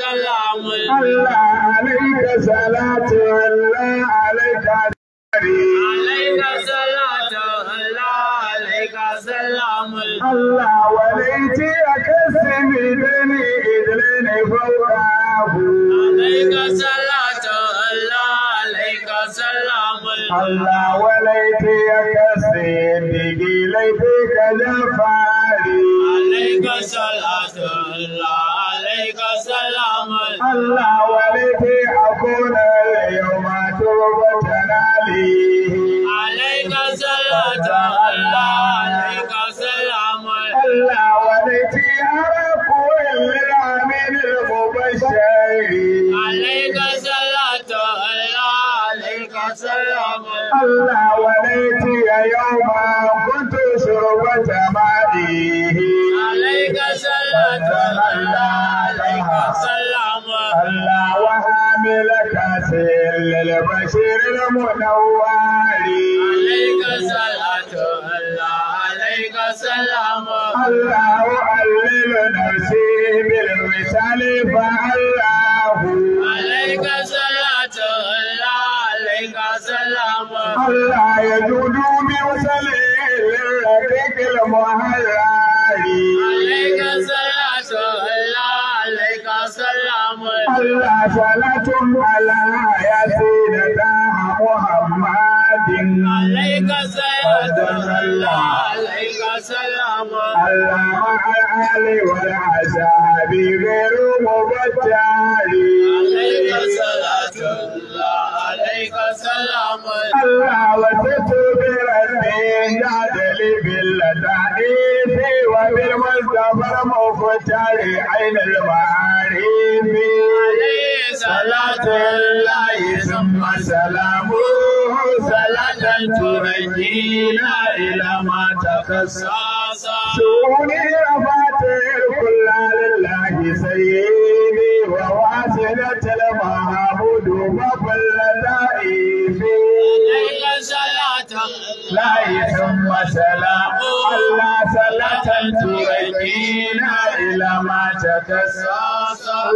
الله عليك صلاة الله عليك عليك صلاة الله عليك سلام الله وليتك سمدني إذلني فوق عليك صلاة الله عليك سلام الله وليتك سمدني ليتك جفاري عليك صلاة الله alaika salama. Allah wale fi akuna a tubta nali. Alaika salata Allah alaika salama. Allah wale fi araku illa min Alaika salata Allah alaika الله وحامل كاسل للبشير المنور عليك صلاة الله عليك سلام الله ألل نفسي بالوصال فالله عليك صلاة الله عليك سلام الله يجود بوصل للرفيق المهراري عليك صلاة الله صلاة على يا سيدنا محمد عليك سلام الله عليك سلام الله على غير مبتل عليك صلاة الله عليك سلام الله وستر بربي نادل بال A da ife wa birman safar mafutare ainihin ma'arifi salatun layi sun masalamu salatun turaki na ilama ta kasasa suni rafatar kullalin lahi sai ne wa wasu na talama abu dubakon lada ife لا يهم سلا الله سلا إلى ما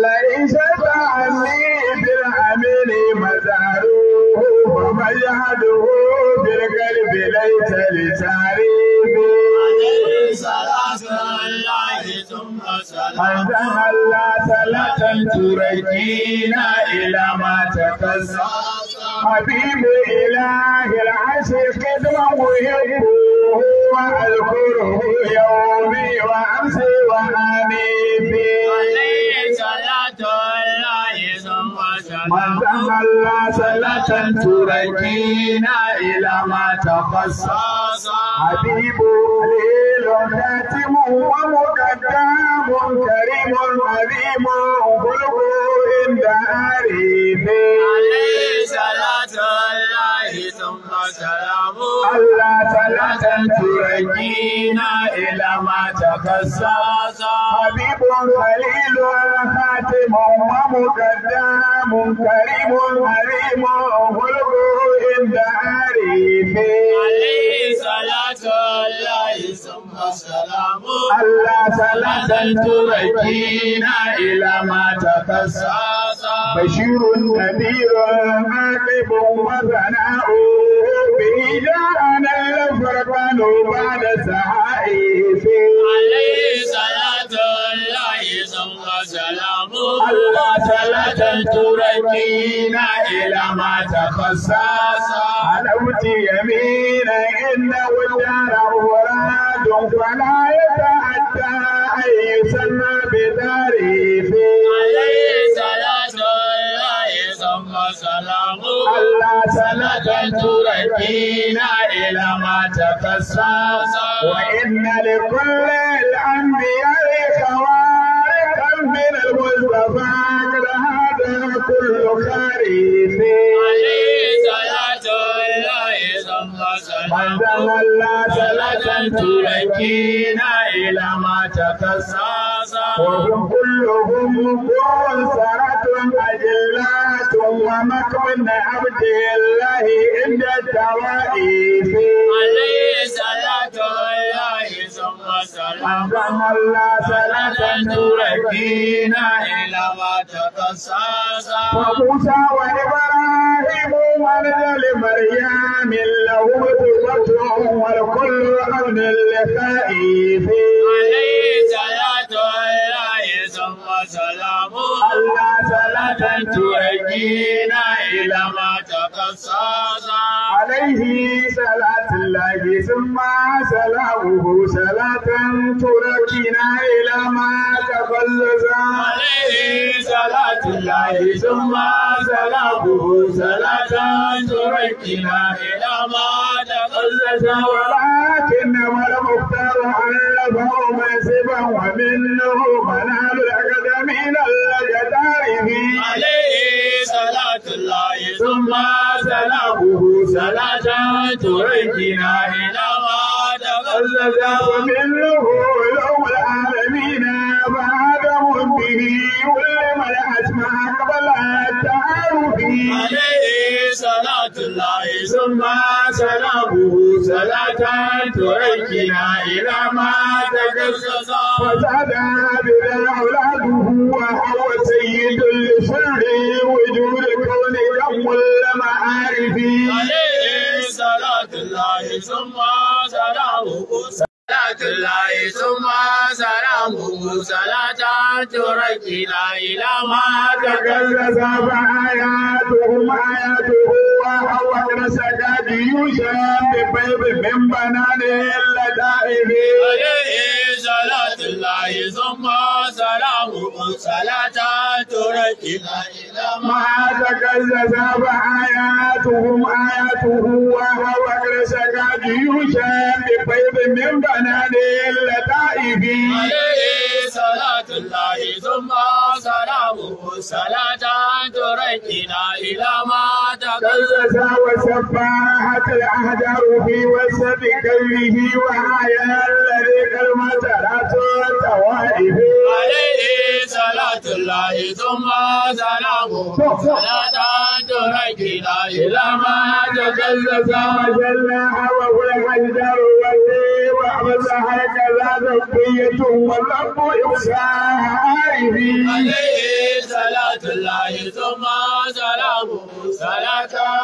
ليس بالعمل مزاروه ومن يهده بالقلب ليس لساريبي Manzan Allah salatan turaki na ila mata kasa. Habibu ilahi al'ashe kadman wuhibbu wa alkurhu yaumi wa amsi wa anifi. Manzan Allah salatan turaki na ila mata kasa. Habibu ilahi Hacer, hacemos, mueve, abin da ari ne. Alayhi salatu Allahi thumma salamu. Allah salatan turajina ila ma takassasa. Habibun Khalilun Khatimun wa muqaddamun Karimun Halimun hulqu inda Allah salatan turajina ila ma takassasa. بشير نذير عاقب وثناؤه به جاءنا الفرقان بعد سعائف عليه صلاة الله ثم سلامه الله صلاة تركينا إلى ما تخصص علوت يمينا إنه الدار أولاد فلا يتأتى أن يسمى بداره عليه salamu Allah salatan turai ina ila ma ta kasa wa inna li kulli al anbiya kawarikan min al mustafa qad hada kullu kharif Madan Allah turaki na ila ma ta kasasa wa hum kulluhum qawl saratun ومكر عبد الله عند التوائف عليه صلاة الله ثم سلام الله صلاة تركينا إلى ما تقصص وموسى وإبراهيم ورجل مريم له بطوة والكل عون الخائف عليه صلاة الله salamu Allah salatan tuhajjina ila ma taqassasa alayhi salatullahi summa salamuhu salatan turakina ila ma taqallasa alayhi salatullahi summa salamuhu salatan turakina ila ma taqallasa walakin wal muhtar alahu masiban wa minhu manalu من الجدائب عليه صلاة الله ثم سلامه صلاة تركنا إلى ما تغلد ومنه يوم العالمين بعد مده ولم الأسماء قبل التعارف عليه صلاة الله ثم سلامه صلاة تركنا إلى ما تغلد فزاد بلا أولاد عليه وجود الكون كم المعارف عليه صلاة الله ثم سلامه صلاة الله ثم سلامه صلاة تركنا إلى ما تكلف فآياتهم آياته وهو رسكاد يشام ببيب من بنان اللدائب عليه صلاة الله ثم سلامه صلاة تركي ما تكزز آياتهم آياته وهو رسكاد يشام ببيب من بنان اللدائب عليه صلاة الله ثم سلامه صلاة تركينا إلى ما تكزز أسس وسفاهة الأهدر في وسط كله وعيا الذي كلمة التوائف عليه صلاة الله ثم سلامه لا تدرك لا إلى ما تجلس وجلها وهو الحجر والليل وحبسها هكذا ذبية والرب يساعد عليه صلاة الله ثم سلامه صلاة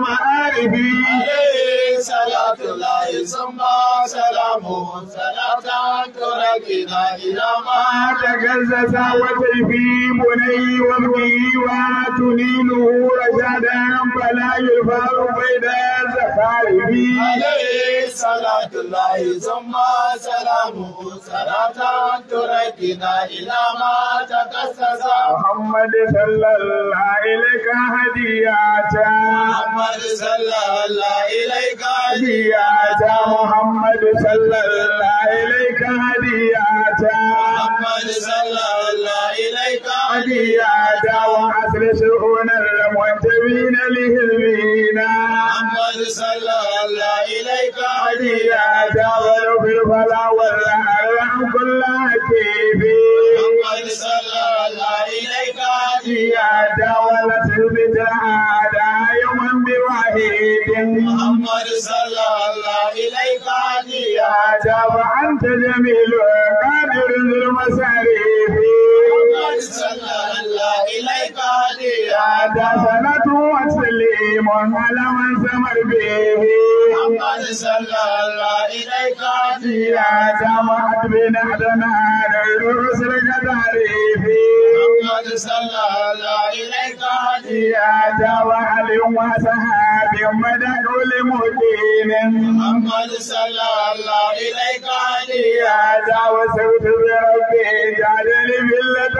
مآربي عليه صلاة الله ثم سلام صلاة تركنا إلى ما تجزز وتلبي بني وابنه وتنينه رشدا فلا يلفظ بين الزخارف عليه صلاة الله ثم سلامه صلاة تركنا إلى ما تكسس محمد صلى الله إليك هدياتا محمد صلى الله إليك هدياتا محمد صلى الله إليك هدياتا محمد صلى الله إليك علي أدى وأصلحون له المينا محمد صلى الله إليك علي دا ولو في الفلا والأرع كل كيفي محمد صلى الله إليك علي دا ولا تلبس العادة بوحيد محمد صلى الله إليك هاديا جاب أنت جميل قادر ذو المساريف حدثنا وسليم على من سمر به محمد صلى الله إليك يا جماعة بن عدنان الرسل كتاريفي محمد صلى الله إليك يا جماعة وسهاب مدد لمدين محمد صلى الله إليك يا جاوز بربي جعلني بالله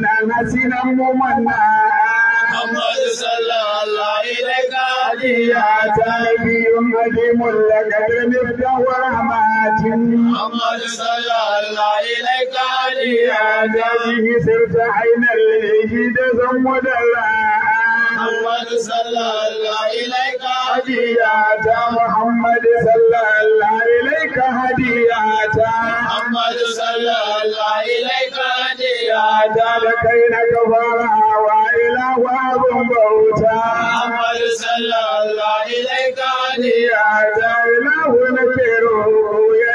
na nasi na mu manna. Muhammadu sallallahu alaihi wa sallam. Aliya ta biyu mulla gari ne ta wara mati. Muhammadu sallallahu alaihi wa sallam. Aliya ta biyu sirta ainihin da zan mu dala. Ammadu salla Allah ilaika hadiyata. salla Allah ilaika hadiyata. Ahmadu Ta kaina tukwara a waye labuwar bauta. Ahmadu salla Allah ilaika hadiyata.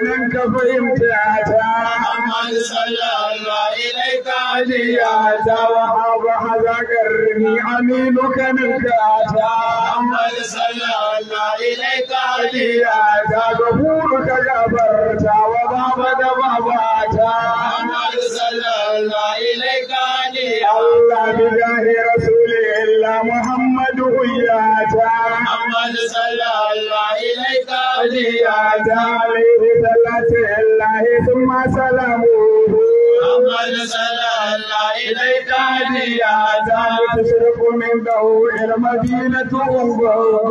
nan ka fahimta ta Muhammad sallallahu ilaika aliya ta wa haba hazakar ni aminu kanin ka ta Muhammad sallallahu ilaika aliya ta gafuru ka gabarta wa baba da baba محمد صلى الله عليه الله بجاه رسوله إلا محمد وياتا محمد صلى الله عليك وياتا عليه صلاة الله ثم سلامه محمد صلى الله عليك وياتا تشرق من ضوء المدينة والبوء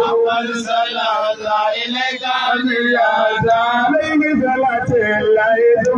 محمد صلى الله عليك وياتا عليه صلاة الله ثم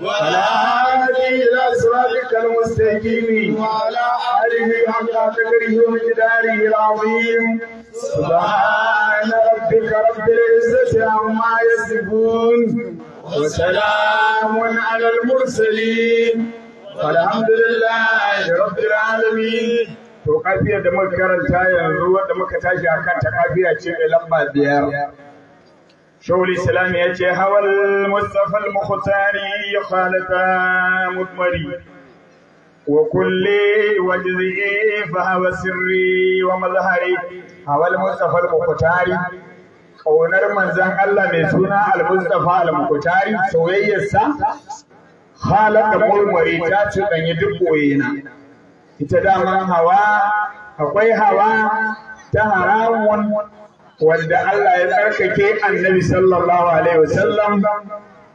ولا هادي إلى صراطك المستقيم وعلى آله حق قدره ومقداره العظيم سبحان ربك رب العزة عما يصفون وسلام على المرسلين والحمد لله رب العالمين to kafiya da muka karanta yanzu wadda muka tashi akan ta kafiya ce mai lamba biyar شو الإسلام يجي هو المصطفى المختاري خالقا مضمري وكل وجزئي فهو سري ومظهري هو المصطفى المختاري ƙaunar manzan Allah mai suna al-Mustafa al mukutari soyayyarsa halar da murmure ta cuɗanyi duk ɓoyena ita daman hawa akwai hawa ta haramun wanda Allah ya tsarkake annabi sallallahu alaihi wasallam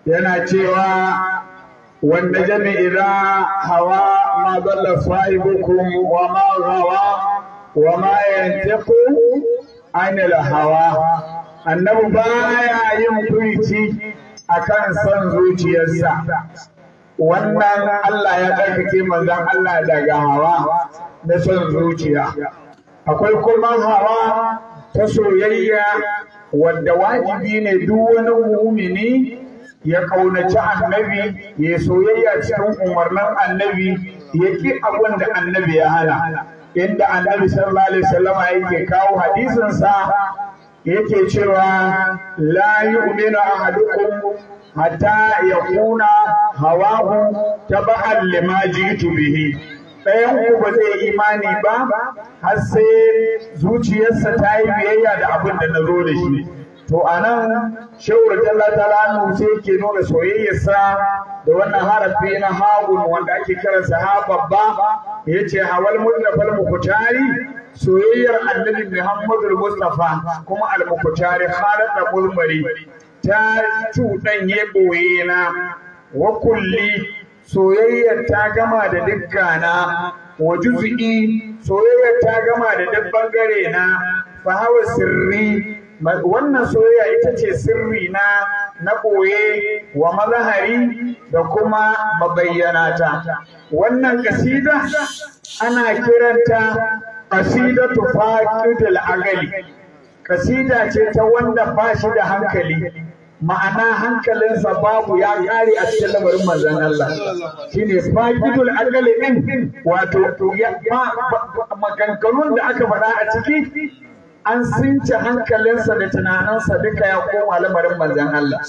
yana cewa wanda jami'ira hawa ma dalla sahibukum wa ma hawa wa ma yantiqu anil hawa annabi ya yin kuici akan son zuciyarsa wannan Allah ya tsarkake manzon Allah daga hawa na son zuciya akwai kuma hawa ta soyayya wadda wajibi ne duk wani mu'mini ya kaunaci annabi ya soyayya cikin umarnin annabi ya ki abin da annabi ya hana inda annabi sallallahu alaihi wasallam yake kawo hadisin sa yake cewa la yu'minu ahadukum hatta yakuna hawahu tabahal lima jitu bihi ɗayan ku ba zai imani ba har sai zuciyarsa ta yi biyayya da abin da na zo da shi to a nan shawar jalla ta lanu sai ke nuna soyayyarsa da wannan harafi na hagun wanda ake kiransa ha babba ya ce hawal mutlafal mukutari soyayyar annabi muhammadu mustafa kuma al-mukutari da mulmari ta cuɗanye ɓoye na wa kulli soyayyar ta gama da duk gana wa juz'i soyayyar ta gama da duk bangare na fa hawa sirri wannan soyayya ita ce sirri na na ɓoye wa mazahari da kuma mabayyanata wannan kasida ana kiranta kasidatu faqidul agali kasida ce ta wanda ba shi da hankali ma'ana hankalinsa babu ya kare a cikin lamarin manzan Allah shine faqidul aqli din wato maganganun da aka faɗa a ciki an since hankalinsa da tunaninsa duka ya koma lamarin manzan Allah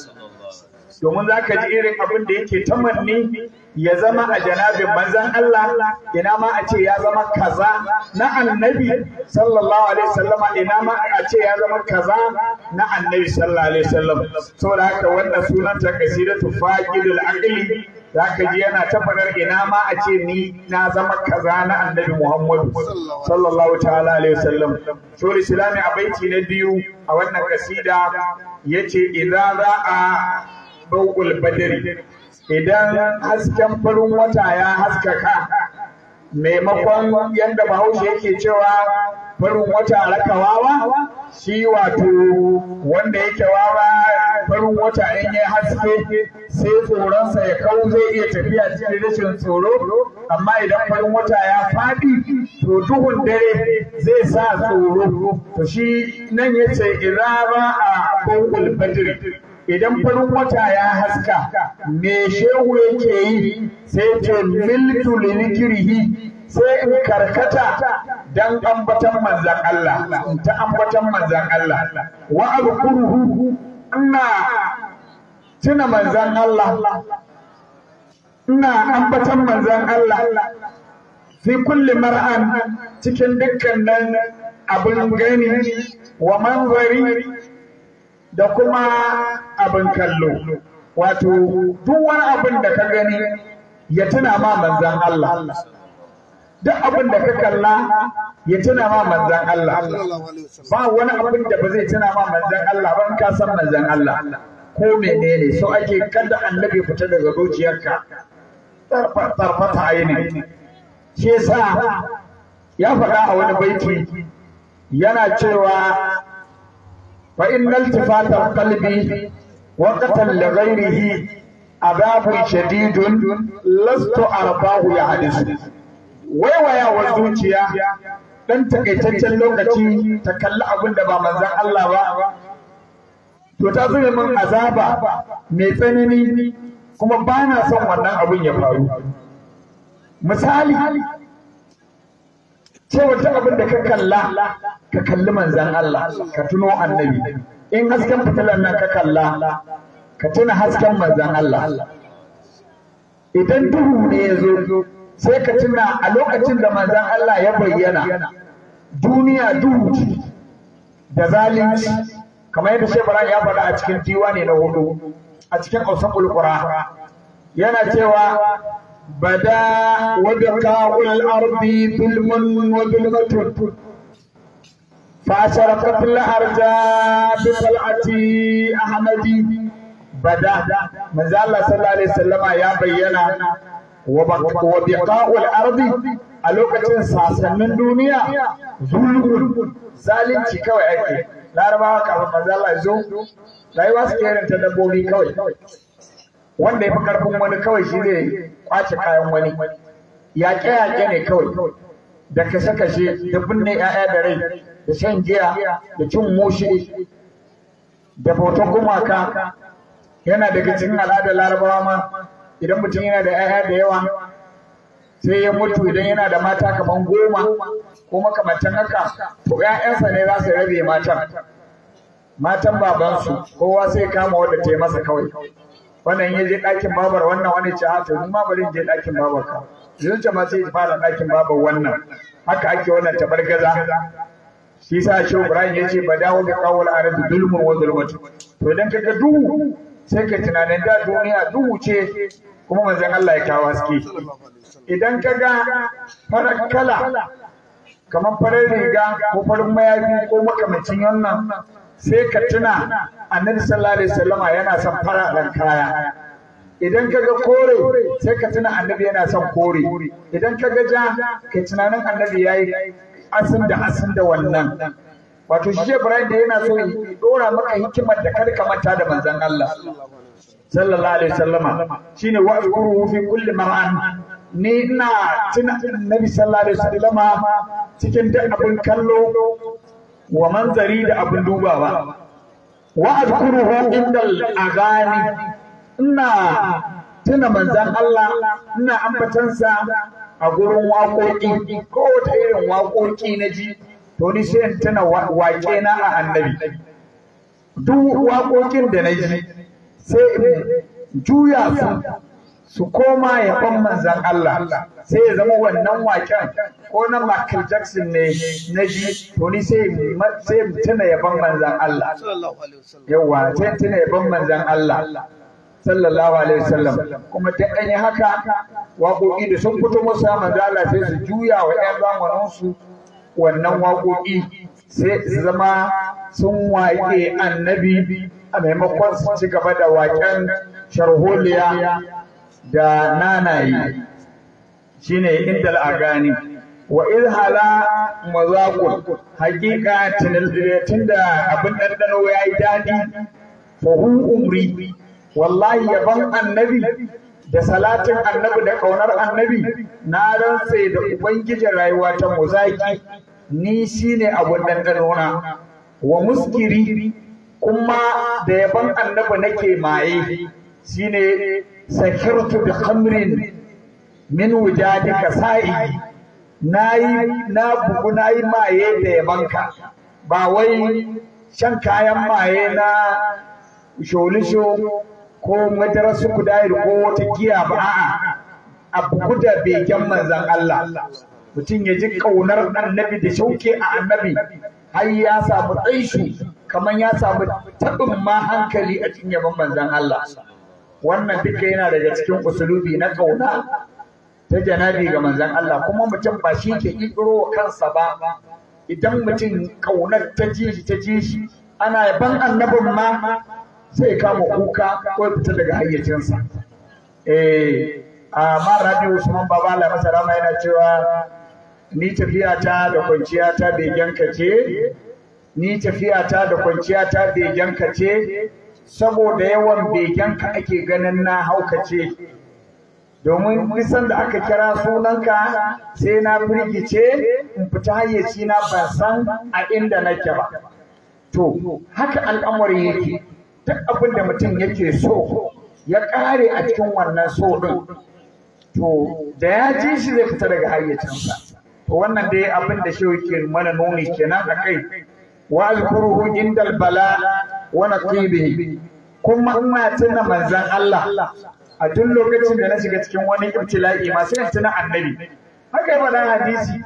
domin za ka ji irin abin da yake tamanni ya zama a janabin manzan Allah ina ma a ce ya zama kaza na annabi sallallahu alaihi wasallama ina ma a ce ya zama kaza na annabi sallallahu alaihi wasallam saboda haka wannan sunan ta kasidatu faqidul aqli ka ji yana ta farar ina ma a ce ni na zama kaza na annabi Muhammadu sallallahu ta'ala alaihi sallam. shuri islami a baiti na biyu a wannan kasida yace idza ra'a ɗaukul badari idan hasken farin wata ya haskaka maimakon yadda bahaushe yake cewa farin wata raka wawa shi wato wanda yake wawa farin wata in ya haske sai tsoronsa ya kawo zai iya tafiya cikin rashin tsoro amma idan farin wata ya faɗi to duhun dare zai sa tsoro to shi nan ya yace iraba a bangul badiri idan farin wata ya haska me shehu yake yi sai ce miltu lilikirhi sai in karkata dan ambatan manzan Allah ta ambatan manzan Allah wa abkuruhu ina tuna manzan Allah ina ambatan manzan Allah fi kulli mar'an cikin dukkanin abin gani wa manzari da kuma abin kallo wato duk wani abin da ka gani ya tuna ma manzan Allah duk abin da ka kalla ya tuna ma manzan Allah ba wani abin da ba zai tuna ma manzan Allah ba ka san manzan Allah ko menene so ake kada annabi fita daga zuciyarka tarfata aini shi yasa ya faɗa a wani baiti yana cewa فإن التفات القلب وقتا لغيره عذاب شديد لست أرباه يحدث waiwaya wa zuciya dan takaitaccen lokaci ta kalli abin da ba manzan Allah ba to ta zube min azaba mai tsanani kuma ba na son wannan abin ya faru misali ce wata abin da ka kalla ka kalli manzan Allah ka tuno annabi in hasken fitilar nan ka kalla ka tuna hasken manzan Allah idan duhu ne ya zo sai ka tuna a lokacin da manzan Allah ya bayyana duniya duhu da zalunci kamar yadda bara ya faɗa a cikin ne na hudu a cikin ausan ƙulƙura yana cewa بدا وبقاع الأرض ظلم وذلة فأشرقت الأرجاء بطلعة أحمد بدا من زال الله صلى الله عليه وسلم يا بينا وبقاع الأرض a lokacin sasannin duniya zulmun zalunci kawai ake larabawa kafin manzo Allah ya zo rayuwa su irin dabbobi kawai wanda ya fi karfin wani kawai shi zai kwace kayan wani yaƙe yaƙe ne kawai da kashe kashe da binne 'ya'ya da rai da shan giya da cin mushi, da bautar gumaka yana daga cikin al'adar larabawa ma idan mutum yana da 'ya'ya da yawa sai ya mutu idan yana da mata kaman goma ko makamantan haka to 'ya'yansa ne za su rabe matan matan babansu kowa sai kama wadda ta yi masa kawai wannan ya je ɗakin babar wannan wani ce a ah, to ni ma bari je ɗakin babar ka zuciya ma sai fara ɗakin babar wannan haka ake wannan tabargaza shi sa ce ibrahim ya ce ba dawo ga kawul arabi dulmun wa dulmatu to idan kaga duhu sai ka tunanin da duniya duhu ce kuma manzon Allah ya kawo haske idan kaga farar kala kamar farar riga ko farin mayafi ko makamacin wannan sai ka tuna annabi sallallahu alaihi wasallama yana son fararen kaya idan ka ga kore sai ka tuna annabi yana son kore idan ka ga ja ka tunanin annabi yayi asin da asin da wannan wato shi Ibrahim da yana so ya dora maka hikimar da kar ka manta da manzon Allah sallallahu alaihi wasallama shine wa azkuru fi kulli mar'an ni ina tuna annabi sallallahu alaihi wasallama cikin duk abin kallo wa manzari da abin dubawa wa azkuruhu inda al-aghani ina tuna manzan Allah ina sa a gurin waƙoƙi ko ta irin waƙoƙi na ji to ni sai in tuna waƙe na a annabi duk waƙoƙin da na ji sai in juya su su koma ya ban manzan Allah sai ya zama wannan waken ko na Michael Jackson ne na ji to sai tuna ya ban manzan Allah yawa sai tuna ya ban manzan Allah sallallahu alaihi wasallam kuma ta an haka waƙoƙi da sun fito musa manzo sai su juya wa ƴan zamanin wannan waƙoƙi sai su zama sun waƙe annabi a maimakon su ci gaba da waƙen sharholiya da nanayi shine indal agani wa izhala mazaqul haqiqa tunaldiretin da abin ɗanɗano yayi yi daɗi hu umri wallahi yaban annabi da salatin annabi da kaunar annabi na rantse da ubangijin rayuwa ta mazaki ni shine abin ɗanɗano na wa muskiri kuma da yaban annabi nake maye shine sakirtu bi khamrin min wujadika sa'i nayi na bugu nayi maye da yabanka ba wai shan kayan maye na sholisho ko madarasu kudayar ko wata giya ba a'a a bugu da begen manzon Allah mutum ya ji kaunar annabi da shauke a annabi har ya samu tsaishu kamar ya samu taɓin ma hankali a cikin yaban manzon Allah wannan duka yana daga cikin usulubi na kauna ta janabi ga manzon Allah kuma mutum ba shi ke kikiro kansa ba idan mutum kaunar ta ji shi ta ji shi ana ban annabin ma sai kama kuka ko fita daga hayyacinsa eh amma Rabi Usman Baba masa rama yana cewa ni tafiya ta da kwanciya kwanciyata begen ka ce ni ta da kwanciya ta begen ka ce saboda yawan begenka ake ganin na haukace domin nisan da aka kira sunanka sai na firgice in fita hayyaci na ba san a inda nake ba to haka al'amari yake duk abin da mutum yake so ya kare a cikin wannan so ɗin to da ya ji shi zai fita daga hayyacinsa to wannan dai abin da shi yake mana nuni kenan akai wa alkuruhu indal bala wa naqibihi kuma ina tuna manzon Allah a duk lokacin da na shiga cikin wani ibtila'i ma sai tuna annabi haka ba da hadisi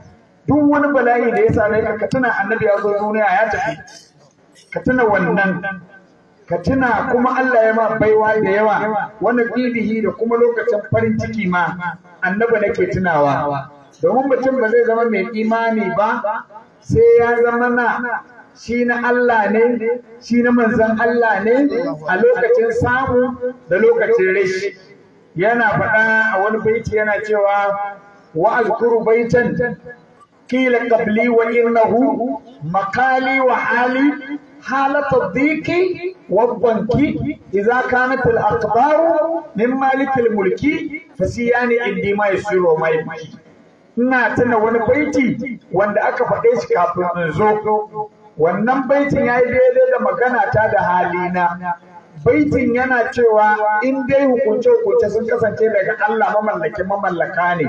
duk wani bala'i da ya same ka ka tuna annabi a zuwa duniya ya tafi ka tuna wannan ka tuna kuma Allah ya ma baiwa da yawa wani ƙidihi da kuma lokacin farin ciki ma annabi nake tunawa domin mutum ba zai zama mai imani ba sai ya zama na shi na Allah ne shi na manzan Allah ne a lokacin samu da lokacin rashi yana faɗa a wani baiti yana cewa wa alkuru baitan kila qabli wa innahu makali wa hali حالة الضيق والضنك إذا كانت الأقدار من مالك الملك فسيان عندي ما يسر وما يبكي ina tuna wani baiti wanda aka faɗe shi kafin in zo wannan baitin ya yi daidai da magana ta da halina baitin yana cewa in dai hukunce-hukunce sun kasance daga Allah mamallaki mamallaka ne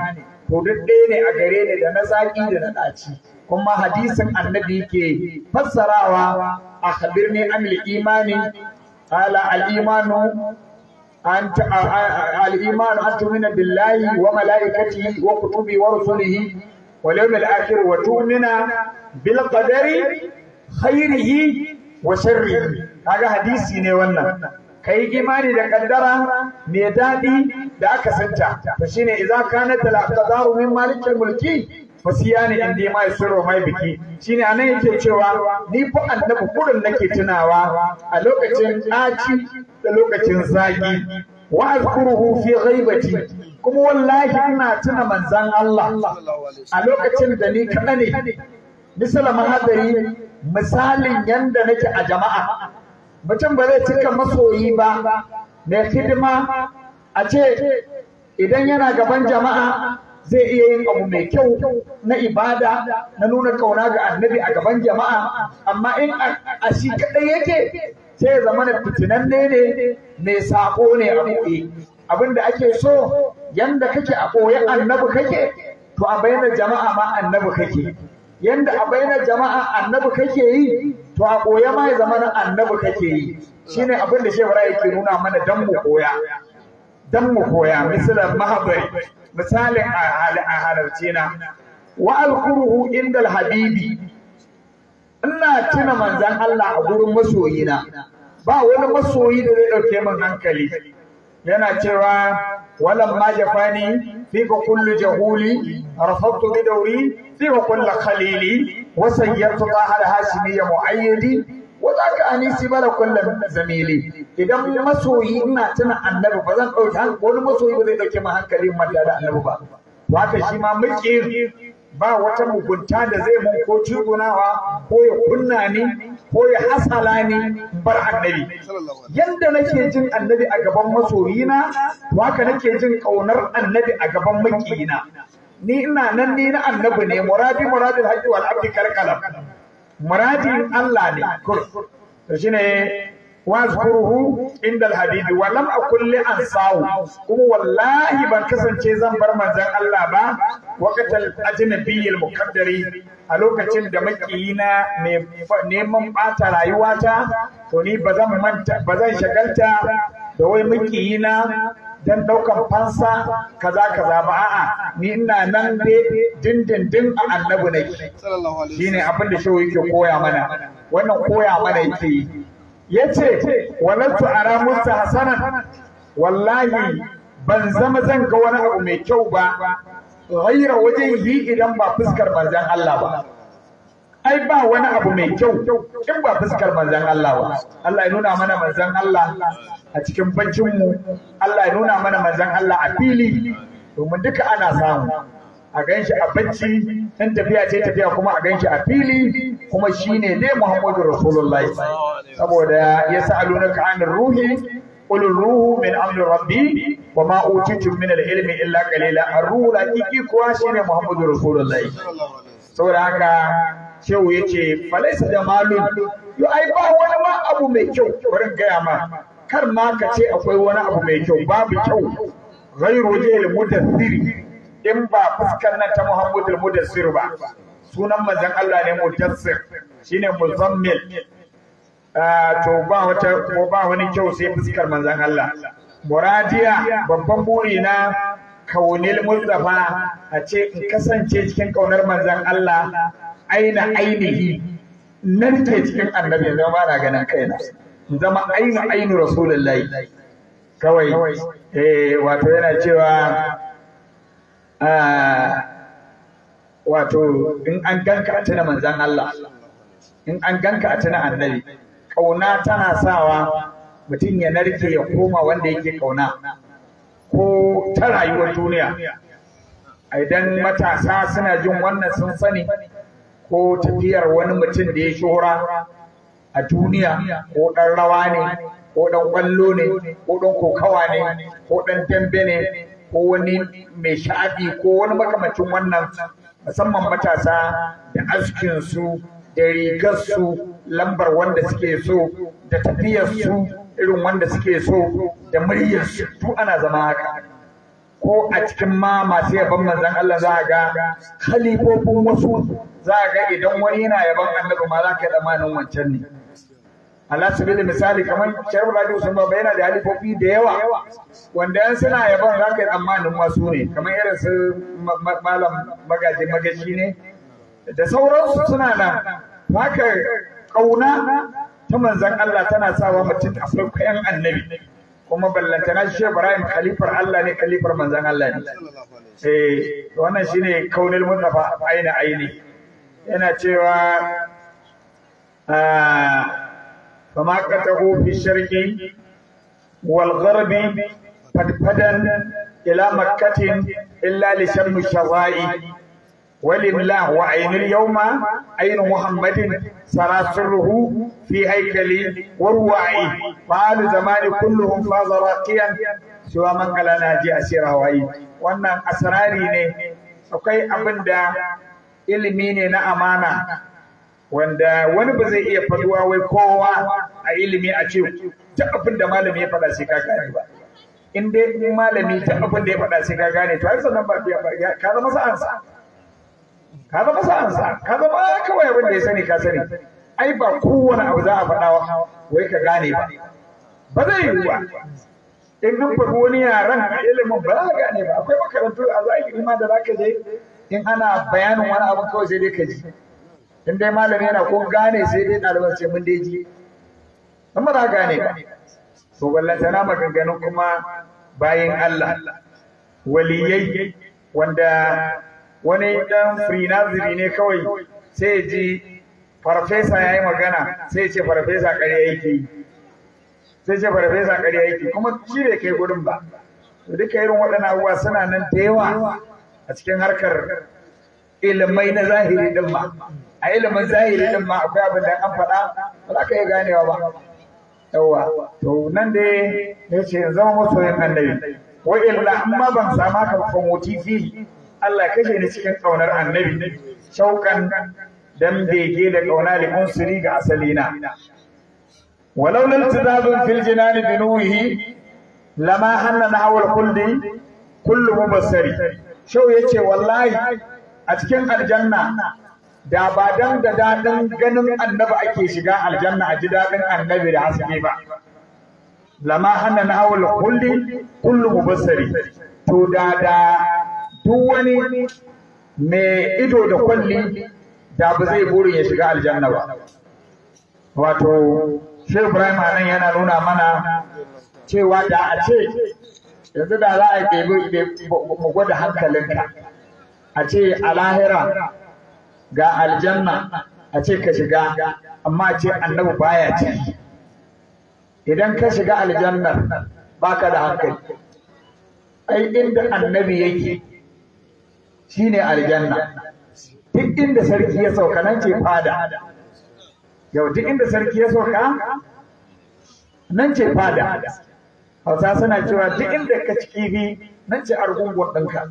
to duk ɗaya ne a gare ni da na zaƙi da na ɗaci kuma hadisin annabi ke fassarawa a ne amil imani ala al wa mala'ikati wa kutubi wa rusulihi wa وكتبه akhir wa tumina bil qadari khairihi wa sharrihi kaga hadisi ne wannan kai imani da kaddara mai daɗi da aka santa to shine idza kana talaqadaru min malikil mulki fasiyani indi ma yusru mai biki shine anan yake cewa ni fa annabi kurin nake tunawa a lokacin aci da lokacin zaki wa azkuruhu fi ghaibati kuma wallahi ina tuna manzon Allah a lokacin da ni kaɗa ne misala mahadari misalin yanda nake a jama'a mutum ba zai cika masoyi ba mai hidima a ce idan yana gaban jama'a zai iya yin abu mai kyau na ibada na nuna kauna ga annabi a gaban jama'a amma in a shi kaɗai yake sai ya zama na fitinanne ne mai saƙo ne a buɗe abin da ake so yanda kake a ɓoye annabi kake to a bayyana jama'a ma annabi kake yanda a bainar jama'a annabi kake yi to a koya ma ya zama annabi kake yi shine abin da shehu rai ke nuna mana dan mu koya dan mu koya misalan mahabari misalin a halarci na wa alkuruhu inda alhabibi ina tuna manzan Allah a gurin masoyina ba wani masoyi da zai dauke min hankali yana cewa walam ma jafani fi ka kullu jahuli rafattu bi dawri fi ka kullu khalili wa sayyartu ba hasimi ya muayyidi wa zaka anisi bara kullu zamili idan masoyi ina tana annabi ba zan dauki wani masoyi ba zai dauke ma hankali mata da annabi ba haka shi ma muke ba wata mugunta da zai mun ko cugunawa ko ya kunna ni ko ya hasala ni bar annabi yanda nake jin annabi a gaban masoyina to haka nake jin kaunar annabi a gaban makiyina ni ina nan ni na annabi ne muradi muradin haqqi wal abdi karkalam muradin Allah ne kur to shine wazkuruhu inda alhabibi wa lam akul li ansahu kuma wallahi ban kasance zan bar manzon Allah ba Waƙatar ajnabi al mukaddari a lokacin da makiyina neman bata rayuwata to ni ba zan shagalta da wai makiyina dan daukan fansa kaza kaza ba a'a ni ina nan dai dindindin a annabi Shi shine abin da shehu yake koya mana wannan koya mana yake yi yace walantu ara musta hasanan wallahi ban zama zan ga wani abu mai kyau ba ghaira wajen yi idan ba fuskar manzan Allah ba ai ba wani abu mai kyau in ba fuskar manzan Allah ba Allah ya nuna mana manzan Allah a cikin bancin mu Allah ya nuna mana manzan Allah a fili domin duka ana samu a ganshi a bacci in tafiya ce tafiya kuma a ganshi a fili kuma shine ne Muhammadu Rasulullahi saboda ya sa'alunaka anir ruhi qul ruhu min amri rabbi wa ma utitum min al-ilmi illa kalila. ar-ruhu hakiki kuwa shine muhammadu rasulullahi saboda haka shehu yace falaisa da malu yo ai ba wani ma abu mai kyau wurin gaya ma kar ma ka ce akwai wani abu mai kyau babu kyau ghairu jil mudaththiri in ba fuskar nan ta muhammadu mudaththir ba sunan manzon Allah ne mudaththir shine muzammil Ah, to ba wata ko ba wani kyau sai fuskar manzon Allah muradiya babban burina kaunil mustafa a ce in kasance cikin kaunar manzon Allah aina ainihi Nan narke cikin annabi zama ba na ganin kaina zama aina ainu rasulullahi kawai eh wato yana cewa ah, wato in an ganka a tuna manzan Allah in an ganka a tuna annabi ƙauna tana sawa mutum ya narke ya koma wanda yake ƙauna ko ta rayuwar duniya idan matasa suna jin wannan sun sani ko tafiyar wani mutum da ya shora a duniya ko ɗan rawa ne ko ɗan ƙwallo ne ko ɗan kokawa ne ko ɗan dambe ne ko wani mai sha'abi ko wani makamacin wannan musamman matasa da su da rigarsu lambar wanda suke so da tafiyarsu irin wanda suke so da muryarsu duk ana zama haka ko a cikin ma masu yaban manzan Allah za a ga kalifofin wasu za a ga idan wani yana yaban annabi ma za ka tsammanin wancan ne Allah su bi misali kamar Shehu Rabi Usman Baba yana da halifofi da yawa wanda yan suna yaban za ka yi tsammanin wasu ne kamar irin su malam magaji Magaji ne da sauransu suna nan haka ƙauna ta manzan Allah tana sawa mutum a kwaikwayon annabi kuma ballantana shi Ibrahim khalifar Allah ne khalifar manzan Allah ne eh wannan shine kaunil mustafa aina aini yana cewa فما قطعوا في الشرق والغرب فدفدا makkatin, illa إلا لشم الشظائي ولله وعين اليوم عين محمد سرى سره في هيكلي وروعي فعال زمان كلهم فاز راقيا سوى من قال انا جي اسيره وعي وانا اسراري ني akwai abin ilimi ne na amana wanda wani ba zai iya faduwa wai kowa a ilimi a ce ta abin da malami ya faɗa sai ka gane ba in dai malami ta abin da ya faɗa sai ka gane to har sannan ba ka zama sa'ansa ka zama sa'ansa ka zama kawai abin da ya sani ka sani ai ba kowane abu za a faɗa wai ka gane ba ba zai yi ba in an faɗi wani yaran a ilimin ba za ka gane ba akwai makarantu a yi ma da za ka je in ana bayanin wani abu kawai sai dai ka ji in dai malami yana ko gane sai dai ɗaliban sai mun dai ji amma ba za gane ba to ballantana maganganun kuma bayan Allah waliyai wanda wani dan free ne kawai sai ji farfesa ya yi magana sai ce farfesa ƙarya yake sai ce farfesa ƙarya yake kuma shi bai kai gudun ba duka irin waɗannan abubuwa suna nan da yawa a cikin harkar ilimai na zahiri din ma a ilimin zahiri din ma akwai abin da an faɗa ba za ka iya ganewa ba yawa to nan da ya ce zama masoyin annabi wa illa amma ban sama ka fa motifi Allah kashe ni cikin ƙaunar annabi shauƙan dan bege da ƙauna li unsuri ga asalina walau lil tizazun fil jinani bi nurihi lama hanna nahwal kulli kullu mubassari shau yace wallahi a cikin aljanna da ba dan da daɗin ganin annabi ake shiga aljanna a ji daɗin annabi da haske ba lama hanna nahwal kulli kullu mubassari to da da duk wani mai ido da kwalli da ba zai burin ya shiga aljanna ba wato shehu ibrahim nan yana nuna mana cewa da a ce yanzu da za a ɗebi mu gwada hankalinka a ce a lahira ga aljanna a ce ka shiga amma a ce annabi baya ce idan ka shiga aljannar baka da hankali ai inda annabi yake shine aljanna duk inda sarki ya sauka nan ce fada yau duk inda sarki ya sauka nan ce fada hausa suna cewa duk inda ka ci kifi nan ce argungun ɗinka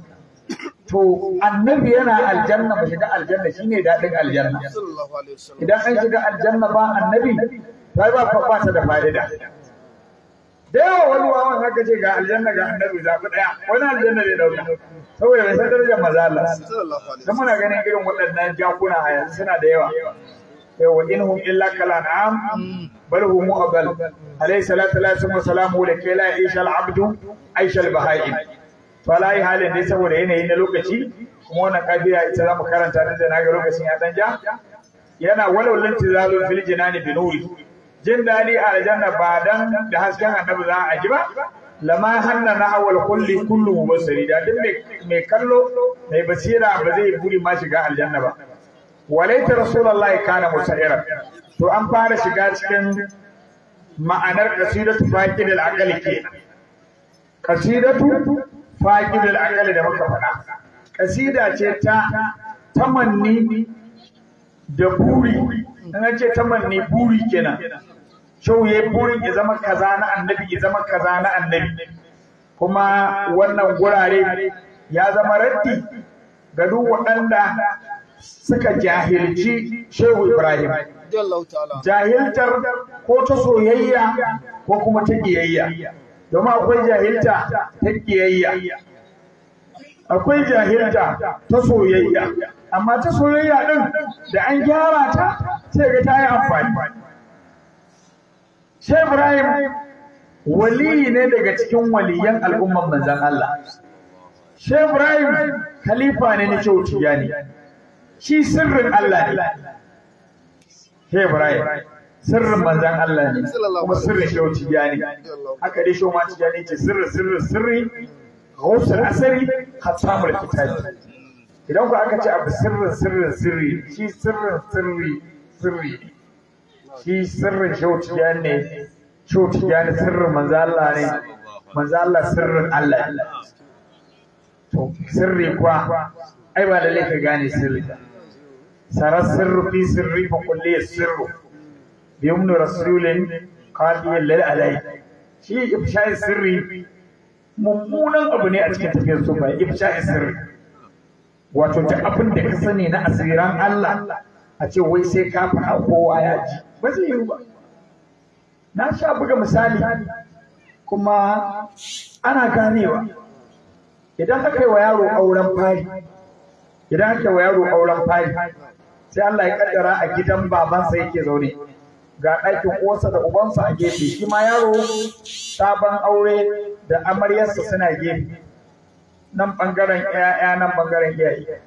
to annabi yana aljanna ba shiga aljanna shine daɗin aljanna idan an shiga aljanna ba annabi ba ba ta da fa'ida da yawa wani wawan haka ce ga aljanna ga annabi zaɓi ɗaya wani aljanna zai ɗauka saboda bai san darajar maza Allah dan muna ganin irin waɗannan jakuna a yanzu suna da yawa yau wa inhum illa kala bal hum bal? alayhi salatu wa salamu da kai la aisha al-abdu aisha al-bahai to halin dai saboda yanayi na lokaci kuma wannan kafiya ita za mu karanta nan da na ga lokacin ya danja yana walau lantizalu fil jinani binuri jin daɗi a aljanna ba dan da hasken annabi za a ji ba lama hanna na awal kulli kullu mubasiri da duk mai kallo mai basira ba zai buri ma shiga aljanna ba walaita rasulullahi kana musairan to an fara shiga cikin ma'anar qasidatu faqid al-aqal ke qasidatu faqid al-aqal da muka faɗa qasida ce ta tamanni da buri an ce tamanni buri kenan shau ya yi burin ya zama kaza na annabi ya zama kaza na annabi kuma wannan gurare ya zama raddi ga duk waɗanda suka jahilci shehu ibrahim jahiltar ko ta soyayya ko kuma ta ƙiyayya domin akwai jahilta ta ƙiyayya akwai jahilta ta soyayya amma ta soyayya ɗin da an gyara ta sai ga ta yi amfani Shehu Ibrahim wali ne daga cikin waliyan al'umman manzan Allah. Shehu Ibrahim khalifa ne na Shehu ne, Shi sirrin Allah ne. Shehu Ibrahim sirrin manzan Allah ne kuma sirrin Shehu ne. Haka dai Shehu ma Tijjani ce sirri sirri sirri gausul asari khatamul kitabi. Idan ku aka ce abu sirrin sirrin sirri shi sirrin sirri sirri shi sirrin shautiya ne shautiya ne sirrin manzo Allah ne manzo Allah sirrin Allah ne to sirri kuwa ai ba lalle ka gane sirri sara sirru fi sirri fa kulli sirru bi umnu rasulin qadiyan lil alai shi ifsha'in sirri mummunan abu ne a cikin tafiyar sufa ifsha'in sirri wato duk abin da ka sani na asiran Allah a ce wai sai ka faɗa kowa ya ji ba zai yiwu ba na sha buga misali kuma ana ganewa idan aka yi wa yaro auren fari idan aka yi wa yaro auren fari sai Allah ya kaddara a gidan babansa yake zaune ga ɗakin ƙosa da ubansa a gefe shi ma yaro sabon aure da amaryarsa suna gefe nan ɓangaren ƴaƴa nan ɓangaren iyaye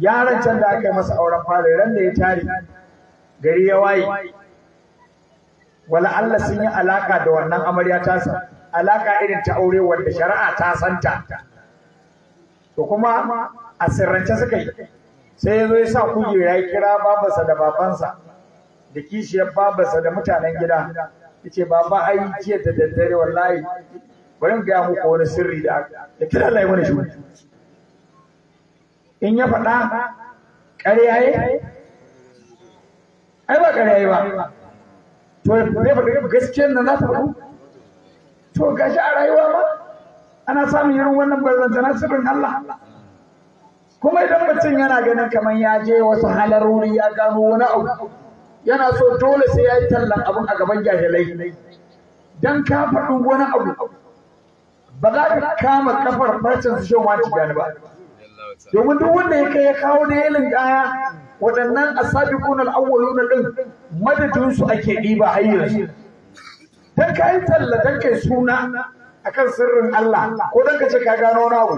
yaron can da aka yi masa auren fari ran da ya tare gari ya waye wala Allah sun yi alaka da wannan amarya tasa alaka irin ta aure wanda shari'a ta santa to kuma a sirrance suka yi sai yazo ya sa kuje ya kira babansa da babansa da kishiyar babansa da mutanen gida ya ce baba ai jiya da daddare wallahi bari mu gaya muku wani sirri da da kira Allah ya mana shi in ya faɗa ƙarya ai ba ƙarya ba to ne ba ga gaskiyar da za ta to gashi a rayuwa ma ana samun irin wannan barzantana sirrin Allah kuma idan mutum yana ganin kamar ya je wasu halaruri ya gano wani abu yana so dole sai ya yi tallan abin a gaban jahilai dan ka faɗi wani abu ba za ka kama kafar farcen su shan wani ba domin duk wanda ya kai ya kawo na yalin ɗaya waɗannan asabiqun al-awwaluna din madadin su ake ɗiba hayyar dan kai talla dan kai suna akan sirrin Allah ko dan ka ce ka gano na abu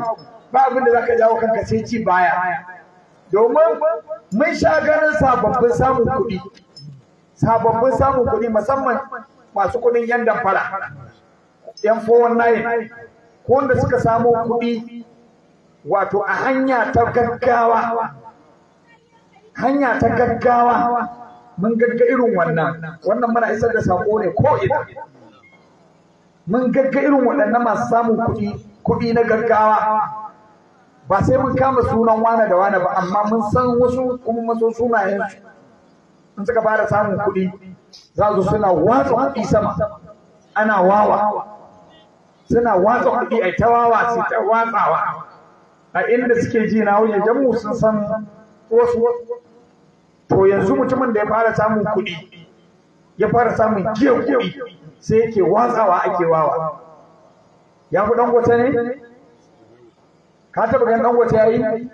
ba abin da zaka jawo kanka sai ci baya domin mun sha ganin sababbin samun kuɗi sababbin samun kuɗi musamman masu kuɗin yan damfara yan 419 ko wanda suka samo kuɗi wato a hanya ta gaggawa hanya ta gaggawa mun gagga irin wannan wannan muna isar da sako ne ko ina mun gagga irin waɗannan masu samun kuɗi kuɗi na gaggawa ba sai mun kama sunan wane da wane ba amma mun san wasu kuma mun san sunayen in suka fara samun kuɗi za su suna watsa kuɗi sama ana wawa suna watsa kuɗi a ta wawa sai ta watsawa a inda suke ji na wuce jamu sun san wasu to yanzu mutumin da ya fara samun kuɗi ya fara samun jiya kuɗi sai yake watsawa ake wawa ya fi dangote ne ka taɓa gan dangote ya yi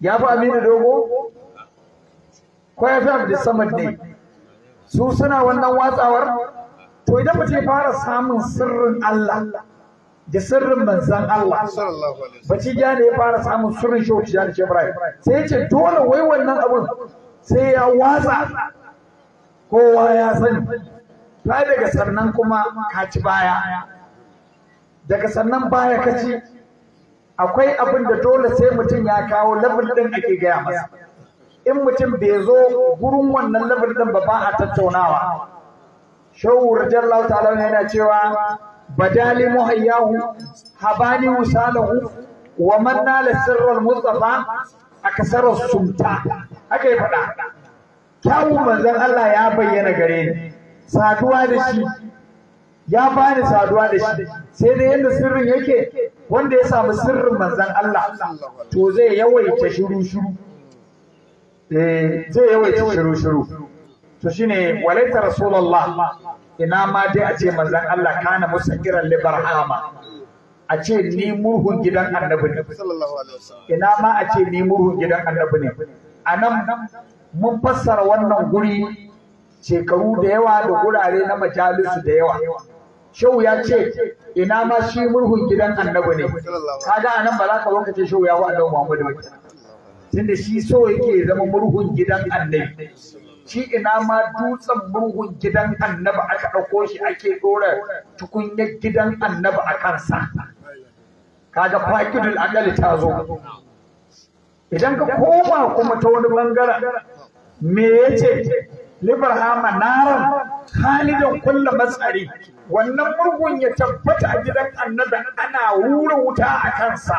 ya fi aminu dogo ko ya fi abu samad ne su suna wannan watsawar to idan mutum ya fara samun sirrin Allah da sirrin manzan Allah bacci ja ne ya fara samun sirrin shehu tijjani ce Ibrahim sai ce dole wai wannan abun sai ya watsa kowa ya sani ta daga sannan kuma ka ci baya daga sannan baya ka ci akwai abin da dole sai mutum ya kawo level ɗin ake gaya masa in mutum bai zo gurin wannan level ɗin ba ba a tattaunawa shehu rajallahu ta'ala yana cewa بدال محياه هباني وساله ومن نال سر المصطفى أكثر السمتع haka ya faɗa kyawun manzon Allah ya bayyana gare ni ya bani saduwa da shi sai da yadda sirrin yake wanda ya samu sirrin manzon Allah to zai yawaita shiru shiru eh zai yawaita shiru shiru shine walaita rasulullah ina ma dai a ce manzon Allah kana musakiran hama a ce ni murhun gidan annabi ne ina ma a ce ni murhun gidan annabi ne a nan mun fassara wannan guri shekaru da yawa da gurare na majalisu da yawa shau ya ce ina ma shi murhun gidan annabi ne kaga anan ba za ka ce shau ya wa annabi Muhammadu ba tunda shi so yake zama murhun gidan annabi shi ina ma dutsen murhun gidan annabi aka ɗauko shi ake ɗora tukunyar gidan annabi a kansa kaga fakidul akali ta zo idan ka koma kuma ta wani bangaren me yace librahama naran halidan kulla matsari wannan murhun ya tabbata a gidan annabi ana wura wuta a kansa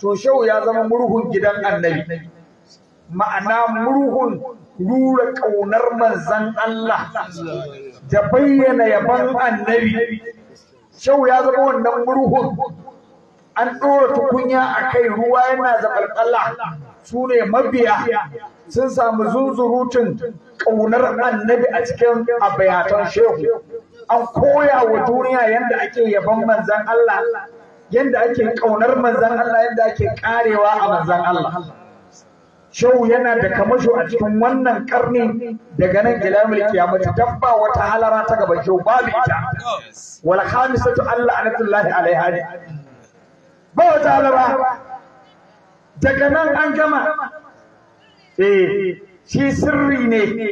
to shau ya zama murhun gidan annabi ma'ana murhun rura ƙaunar manzan Allah da bayyana yaban annabi shau ya zama wannan murhun an ɗora tukunya a kai ruwa yana zaɓalɓala su ne mabiya sun samu zunzurutun ƙaunar annabi a cikin abayatan shehu an koya wa duniya yadda ake yaban manzan Allah yadda ake ƙaunar manzan Allah yadda ake ƙarewa a manzan Allah Shau yana da kamasho a cikin wannan karni daga nan ila mulki ya mace dabba wata halara ta gaban shau babu ita. Wala khamisatu Allah anatullahi alaiha ne. Ba wata halara. Daga nan an gama. Eh shi sirri ne.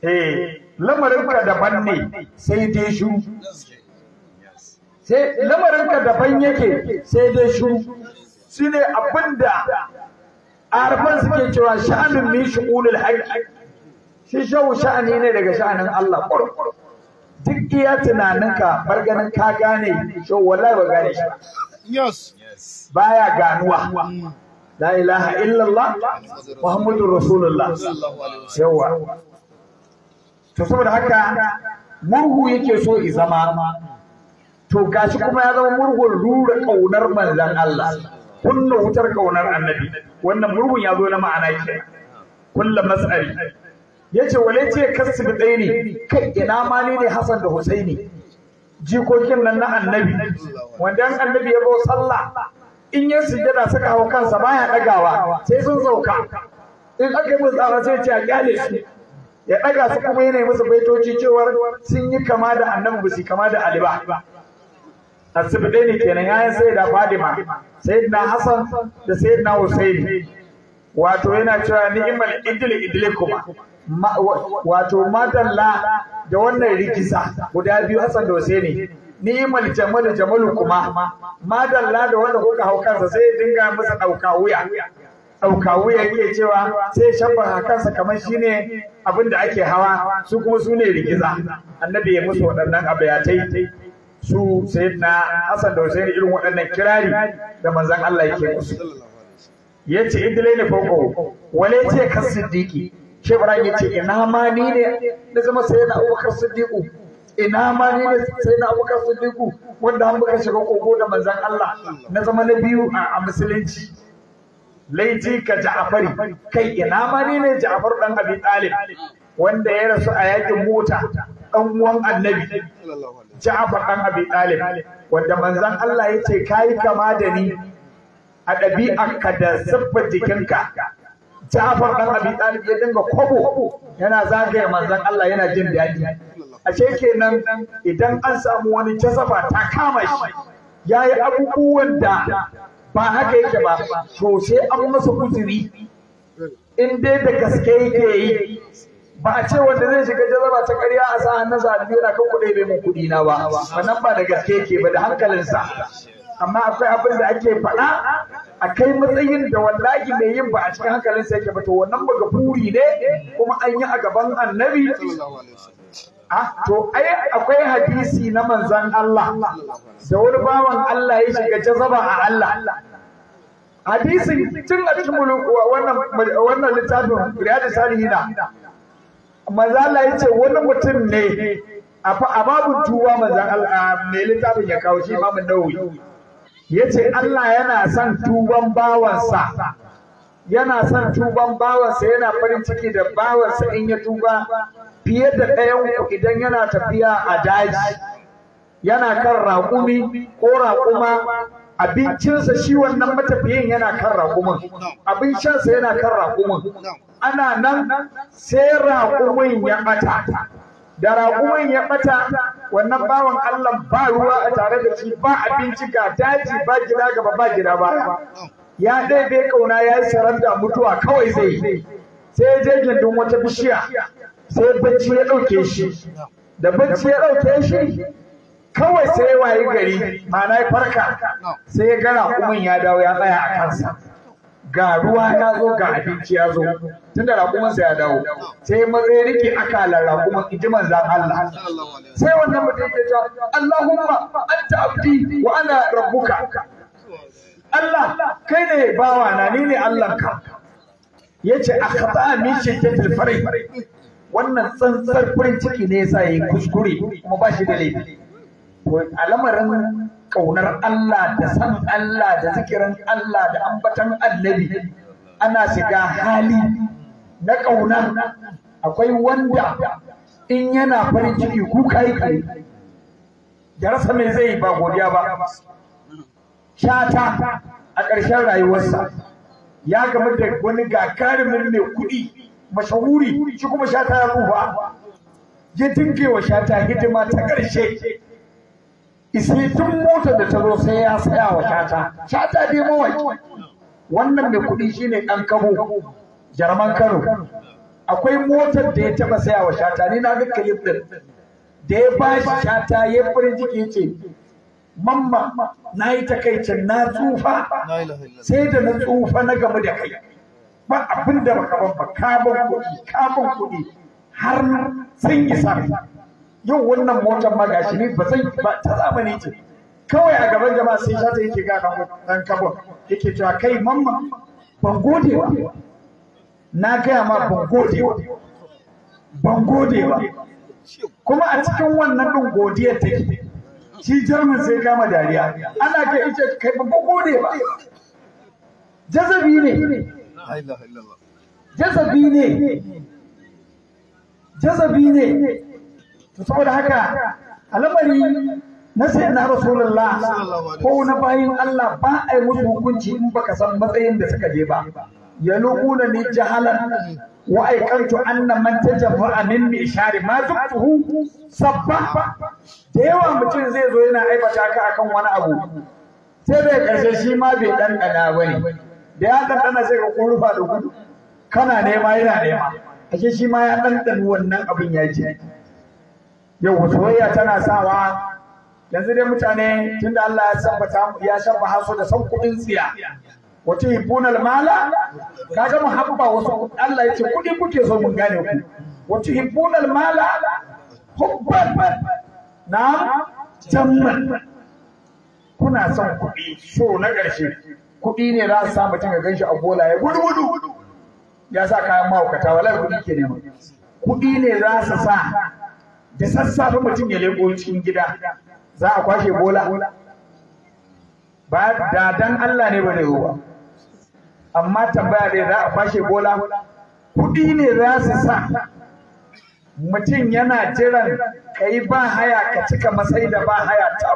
Eh lamarinka daban ne sai dai shu. Sai lamarin ka daban yake sai dai ne Shine abinda arfan suke cewa sha'anin min shu'ulul haqqi shi shau sha'ani ne daga sha'anin Allah kurkur duk iya tunaninka bar ganin ka gane shau wallahi ba gane shi yes baya ganuwa la ilaha illallah muhammadur rasulullah yawa to saboda haka murhu yake so i zama to gashi kuma ya zama murhun rura ƙaunar manzon Allah kunna wutar kaunar annabi wannan murhun ya zo na ma'ana ke kulla mas'ari yace wale ce kasbi ne. kai ina ma ne Hassan da Husaini jikokin nan na annabi wanda annabi ya zo sallah in ya sujjada suka hau kansa baya dagawa sai sun sauka in aka yi tsara sai ce a kyale su ya daga su kuma yana musu baitoci cewar sun yi kama da annabi ba su kama da ali ba asibi ne kenan yayin da Fadima sayyidina Hassan da sayyidina Husaini wato yana cewa ni'mal idil kuma. wato La da wannan rikisa guda biyu Hassan da Husaini ni'mal jamal jamalu kuma La da wanda kuka hau kansa sai dinga masa dauka wuya dauka wuya yake cewa sai shabba kansa kamar shine abin da ake hawa su kuma su ne rigiza annabi ya musu waɗannan abayatai su sayyidina Hassan da Hussein irin waɗannan kirari da manzon Allah yake musu yace idlaini fawqo wale ce kan siddiqi shi Ibrahim yace ina ma ni ne na zama sayyidina Abubakar Siddiqu ina ma ni ne sayyidina Abubakar Siddiqu wanda an buka shiga kogo da manzon Allah na zama na biyu a musulunci laiti ka Ja'fari kai ina ma ni ne Ja'far dan Abi Talib wanda ya rasu a yakin mota dan uwan Annabi Ja'far dan Abi Talib wanda manzon Allah ya ce kai kama da ni a ɗabi'arka da siffar jikinka Ja'far dan Abi Talib ya dinga kwabo yana zagaya manzon Allah yana jin daɗi ashe kenan idan an samu wani jazafa ta kama shi yayi abubuwan da ba haka yake ba to sai an masa uzuri in dai da gaske yake yi ba a ce wanda zai shiga jazaba ta ƙarya a sa na zalibi yana kan kuɗi bai mun kuɗi na ba wannan ba da gaske ke ba da hankalinsa amma akwai abin da ake faɗa a kai matsayin da wallahi mai yin ba a cikin hankalinsa yake ba to wannan ba gafuri ne kuma an yi a gaban annabi to ai akwai hadisi na manzan Allah da wani bawan Allah ya shiga jazaba a Allah hadisin tun a cikin wannan littafin riyadu salihina manzo Allah yace wani mutum ne a babu tuwa manzo Allah ne littafin ya kawo shi Imam Nawawi yace Allah yana son tuban bawansa yana son tuban bawansa yana farin ciki da bawansa in ya tuba fiye da ɗayan ku idan yana tafiya a daji yana kan raƙumi ko raƙuma abincinsa shi wannan matafiyin yana kan raƙumin abin shansa yana kan raƙumin ana nan sai raƙumin ya ɓata da raƙumin ya ɓata wannan bawan Allah ba ruwa a tare da shi ba abinci ga daji ba gida gaba ba gida ba ya ɗaya bai kauna ya yi da mutuwa kawai zai sai je gindin wata bishiya sai bacci ya ɗauke shi da bacci ya ɗauke shi kawai sai ya wayi gari ma'ana ya farka sai ya gara kuma ya dawo ya tsaya a kansa ga ruwa ya zo ga abinci ya zo tun da raƙumansa ya dawo sai matsayi rike akalar raƙuman kuma ijiman manzan Allah sai wannan mutum ke ce Allahumma anta abdi wa ana rabbuka Allah kai ne bawa na ni ne Allahnka yace akhata ce shiddatil farih wannan tsantsar farin ciki ne yasa yayi kuskure kuma ba shi da laifi al'amarin ƙaunar Allah da san Allah da zikirin Allah da ambatan annabi ana shiga hali na ƙauna akwai wanda in yana farin ciki kuka yi kai da rasa mai zai ba godiya ba shata a ƙarshen rayuwarsa ya gama da wani gagarumin mai kuɗi mashahuri shi kuma shata ya rufa ya wa shata hidima ta ƙarshe ishe tun motar da ta zo sai ya saya wa shata shata dai mawai wannan mai kuɗi shine ɗan kabo jarman kano akwai motar da ya taɓa saya wa shata ni na ga kalif ɗin da ya ba shi shata ya farin ciki ce mamma na yi takaicin na tsufa sai da na tsufa na gamu da kai ba abin da baka ban ba kabon kuɗi kabon kuɗi har sun yi sami yau wannan motar ma gashi ne ba zai ba ta zamani ce kawai a gaban jama'a sai shata yake ga dan kabon yake cewa kai mamman ban gode ba na gaya ma ban gode ba ban gode ba kuma a cikin wannan ɗin godiyar take shi jarmin sai kama dariya ana ga ita kai ban gode ba jazabi ne jazabi ne jazabi ne to saboda haka al'amari na sai na rasulullah ko na bayin Allah ba a yi musu hukunci in baka san matsayin da suka je ba ya luquna ni jahalan wa aikantu anna man tajaffa min bi ishari ma tuhu sabba da yawa mutum zai zo yana aibata ka akan wani abu sai bai karshe shi ma bai dan dana bane da ya dan dana sai ka kurfa da gudu kana nema yana nema ashe shi ma ya dan dan wannan abin ya ji yau soyayya tana sawa yanzu dai mutane tunda Allah ya sabbata ya shabba haso da san kudin tsiya wato hibunal mala kaga muhabba wasu Allah yace kudi kuke so mun gane ku wato hibunal mala hubban na jamman kuna son kudi so na ƙarshe kudi ne za su sa mutum ganshi a bola ya gudu gudu ya sa kayan mahaukata wallahi kudi ke nema kudi ne za su sa da sassafe mutum ya leko cikin gida za a kwashe bola ba da dan Allah ne ba da ba amma tambaya ne za a kwashe bola kuɗi ne za su sa mutum yana jiran ka yi ba haya ka cika matsayi da ba haya ta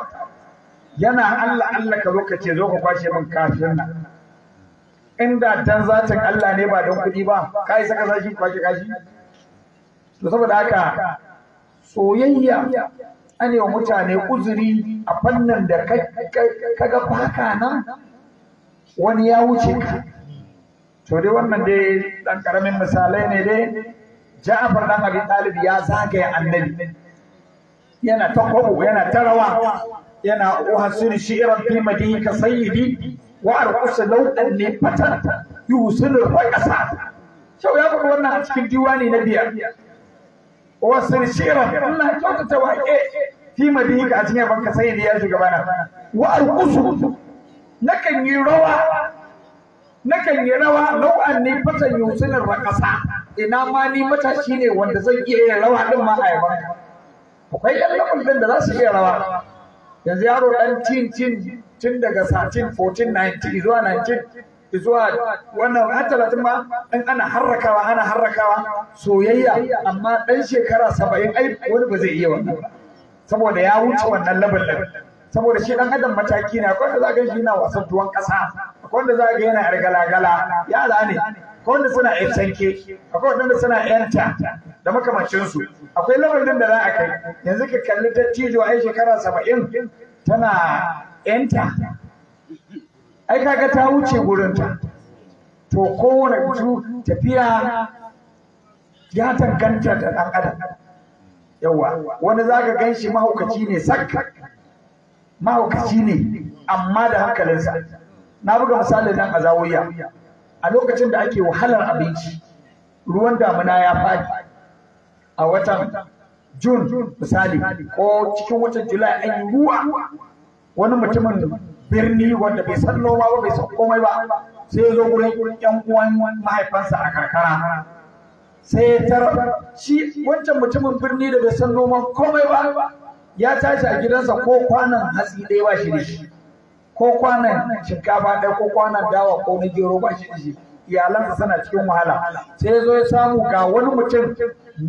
yana Allah Allah ka zo ka ce zo ka kwashe min kafin nan inda dan zatin Allah ne ba don kuɗi ba ka saka sashi kwashe kashi to saboda haka soyayya ane wa mutane uzuri a fannin da kaga baka nan wani ya wuce ka to dai wannan dai ɗan karamin misalai ne dai Ja'far dan Abi Talib ya zagaya annabi yana ta kwabo yana ta rawa yana uhasir shi'ran fi madihi ka sayyidi wa arqus lawdan li fatan yusul raqasa shau ya faɗi wannan cikin cikin ne na biyar Wasu sirshira Allah ya kyautata wa ke fi madinka a cikin banka sai da ya bana. wa arqusu nakan yi rawa nakan yi rawa nau'an ne fatan yusunin rakasa ina ma ni matashi ne wanda zan iya yin rawa din ma a yaban akwai yan lamarin da za su iya rawa yanzu yaro dan tin tin tun daga satin 14 19 zuwa 19 zuwa wannan har 30 ma in ana harrakawa ana harrakawa soyayya amma ɗan shekara saba'in ai wani ba zai iya wannan ba saboda ya wuce wannan labalin saboda shi ɗan adam mataki ne akwai wanda za ka shi yana wasan tuwon ƙasa akwai wanda za ka yana yar galagala yara ne akwai wanda suna yan sanke akwai wanda suna yanta da makamancinsu akwai labarin da za a kai yanzu ka kalli dattijo ai shekara saba'in tana yanta ai kaga ta wuce gurinta to kowane tafiya ya danganta da ɗan adam yawa wani za ka gan shi mahaukaci ne sak mahaukaci ne amma da hankalinsa na buga misali nan a zawiya a lokacin da ake wahalar abinci ruwan damuna ya faɗi a watan jun misali ko cikin watan julai an yi ruwa wani mutumin birni wanda bai san noma ba bai san komai ba sai ya zo gurin yan uwan mahaifansa a karkara sai ya tarar shi wancan mutumin birni da bai san noman komai ba ya tashi a gidansa ko kwanan hatsi ɗaya ba shi da shi ko kwanan shinkafa ɗaya ko kwanan dawa ko na gero ba shi da shi iyalansa suna cikin wahala sai ya zo ya samu ga wani mutum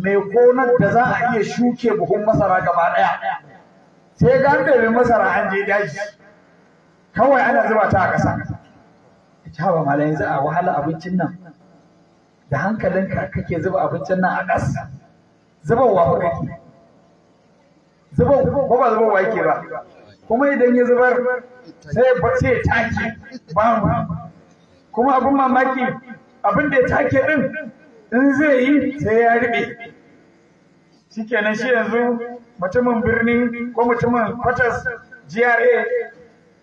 mai gonar da za a iya shuke buhun masara gaba ɗaya sai ga mai masara an je daji kawai ana zuba ta a ƙasa ta ba malayin za a wahala abincin nan da hankalinka kake zuba abincin nan a ƙas zubarwa ko kake zubar ko ba zubarwa yake ba kuma idan ya zubar sai sai ya take ba kuma abin mamaki abin da ya take din in zai yi sai ya riɓe shikenan shi yanzu mutumin birni ko mutumin kwatas GRA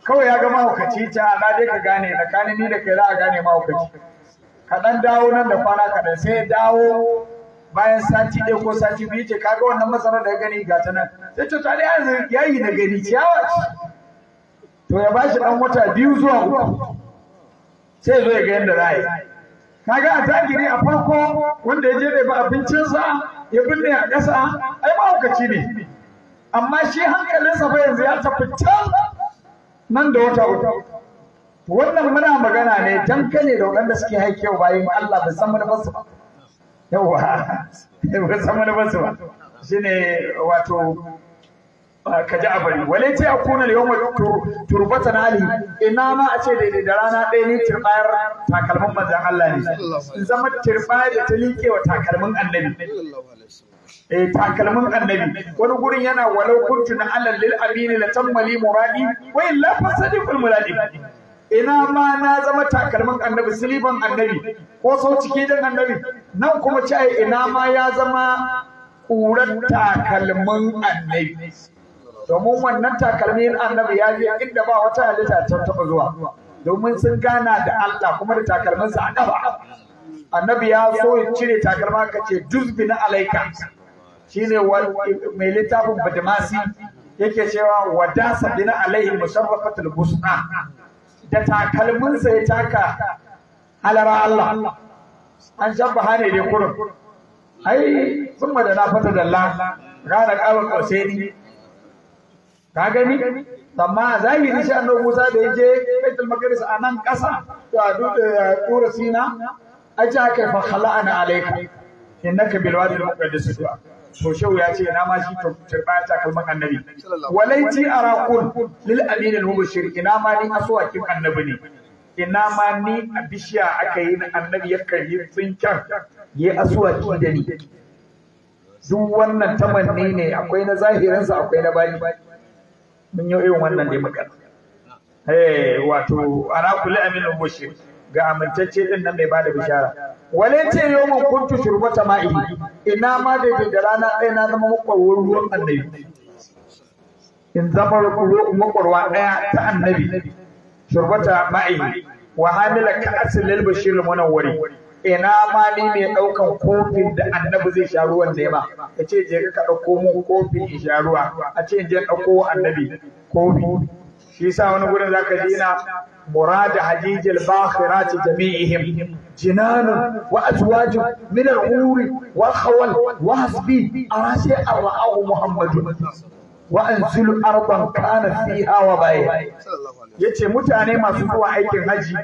kawai ya ga mahaukaci ta na dai ka gane tsakanin ni da kai za a gane mahaukaci kaɗan dawo nan da kwana kaɗan sai dawo bayan sati ɗaya ko sati biyu ce kaga wannan masarar da ya gani ga ta nan sai ce tsari ya yi da gani ciyawa to ya bashi ɗan wata biyu zuwa uku sai zo ya ga yadda za a yi kaga a tagiri a farko wanda ya je da ba abincinsa ya binne a ƙasa ai mahaukaci ne amma shi hankalinsa fa yanzu ya tafi can nan da wata uku wannan muna magana ne dangane da waɗanda suke haikewa bayan Allah ba san mana basu ba yawa ba san mana basu ba shine wato ka ji abari wale ce a kunan yau mai turbata na ali ina ma a ce daidai da rana ɗaya ne turbayar takalmin manzan Allah ne in zama turbayar da ta liƙe wa takalmin annabi eh takalmin annabi wani gurin yana walau kuntu na alal lil amini la tammali muradi wa illa fasadikul muradi ina ma na zama takalmin annabi siliban annabi ko so ciki dan annabi nan kuma ce ai ina ma ya zama ƙuran takalmin annabi domin wannan takalmin annabi ya je inda ba wata halitta ta taɓa zuwa domin sun gana da Allah kuma da takalminsa a ƙafa annabi ya so ya cire takalma ka ce duzbi na alaika shine mai littafin badmasi yake cewa wadasa bina alaihi musharrafatul busna da takalminsa ya taka halara Allah an shabbaha ne da kurin ai sun da na fata dalla gane ƙawar ƙaushe ni ka gani amma zahiri shi annabi Musa da ya je Baitul Maqdis a nan ƙasa to a duka Tura Sina ai ta kai fa khala'ana alayka innaka bil wadi al-muqaddas tu'a to shau ya ce na ma shi turba ta kalman annabi walaiti arakun lil amin al mubashir ina ma ni aswakin annabi ne ina ma ni a bishiya aka yi na annabi ya karyi tsinkar ya aswaki da ni duk wannan tamanni ne akwai na zahirinsa akwai na bani mun yi irin wannan dai magana eh wato arakul amin al mubashir ga amintacce din nan mai bada bishara wale ce yawman kuntu shurbata ma'i ina ma da da rana ɗaya na zama makwarwar ruwan annabi in zama makwarwa ɗaya ta annabi shurbata ma'i wa hamila ka asilil bashir munawwari ina ma ni mai ɗaukan kofin da annabi zai sha ruwan da yaba ya ce je ka ɗauko mun kofin in sha ruwa a ce je ɗauko annabi kofi shi yasa wani gurin zaka ji ina murad hadijil bakhirat jami'ihim jinanun wa azwajun min al-uri wa khawal wa hasbi arasi arwa'ahu Muhammadu. wa anzilu arban kana hawa wa Ya ce mutane masu zuwa aikin haji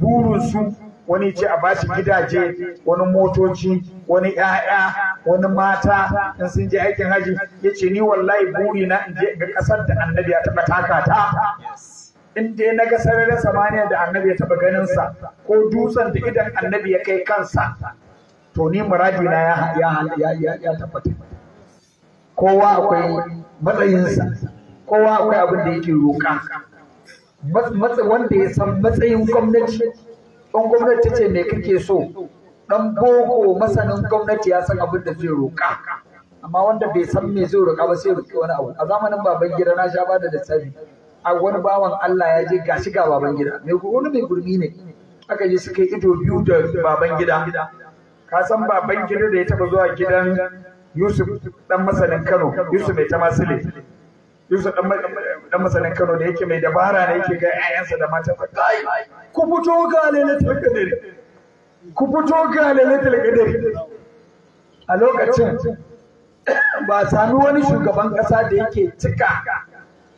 burin su wani ce a bashi gidaje wani motoci wani ‘ya'ya wani mata in sun je aikin haji ya ce ni wallahi buri na in je ga ƙasar da annabi ya taɓa taka ta in dai na ga sararin samaniya da annabi ya taɓa ganinsa ko dutsen da idan annabi ya kai kansa to ni muradi na ya tabbata kowa akwai matsayinsa kowa akwai abin da yake roƙa wanda ya san matsayin gwamnati in gwamnati ce me kake so dan boko masanin gwamnati ya san abin da zai roƙa amma wanda bai san me zai roƙa ba sai roƙi wani abu a zamanin baban gida na sha bada da lissafi a wani bawan Allah ya je gashi ga baban gida mai wani mai gurmi ne aka je suka yi ido biyu da baban gida ka san baban gida da ya taba zuwa gidan Yusuf dan masanin Kano Yusuf mai tamasile Yusuf dan masanin Kano da yake mai dabara ne yake ga ƴaƴansa da matan kai ku fito ga lalatar kadare ku fito ga lailatul qadari a lokacin ba sami wani shugaban kasa da yake cika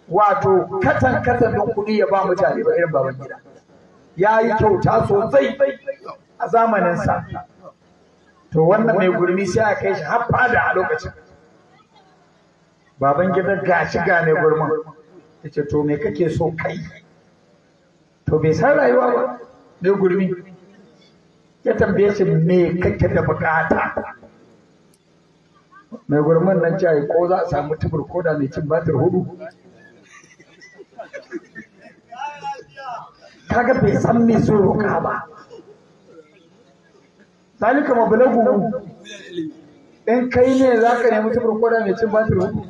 wato katan katan don kuɗi ya ba mutane ba irin baban gida ya yi kyauta sosai a zamaninsa to wannan mai gurmi sai a kai shi har fada a lokacin baban gida shi ga mai gurmin ta ce to me kake so kai to bai san rayuwa ba mai gurmi ya tambaye shi me kake da bukata mai gurman nan ce ko za a samu tubur ko da mai cin batir hudu kaga bai san me so roka ba zalika mablagu in kai ne za ka nemi tubur ko da mai cin batir hudu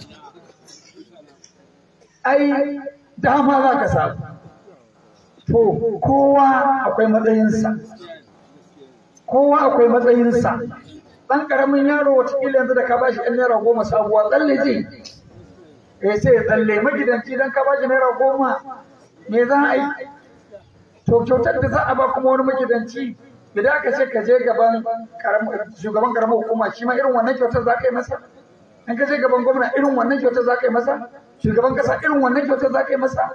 ai dama za ka samu to kowa akwai matsayinsa kowa akwai matsayinsa ɗan ƙaramin yaro wata ƙila yanzu da ka bashi ɗan naira goma sabuwa tsalle zai eh, ya ce tsalle magidanci don ka bashi naira goma me za a yi to kyautar da za a ba kuma wani magidanci idan aka ce ka je gaban shugaban ƙaramin hukuma shi ma irin wannan kyautar za ka yi masa in ka je gaban gwamna irin wannan kyautar za ka yi masa shugaban ƙasa, irin wannan kyautar za ka yi masa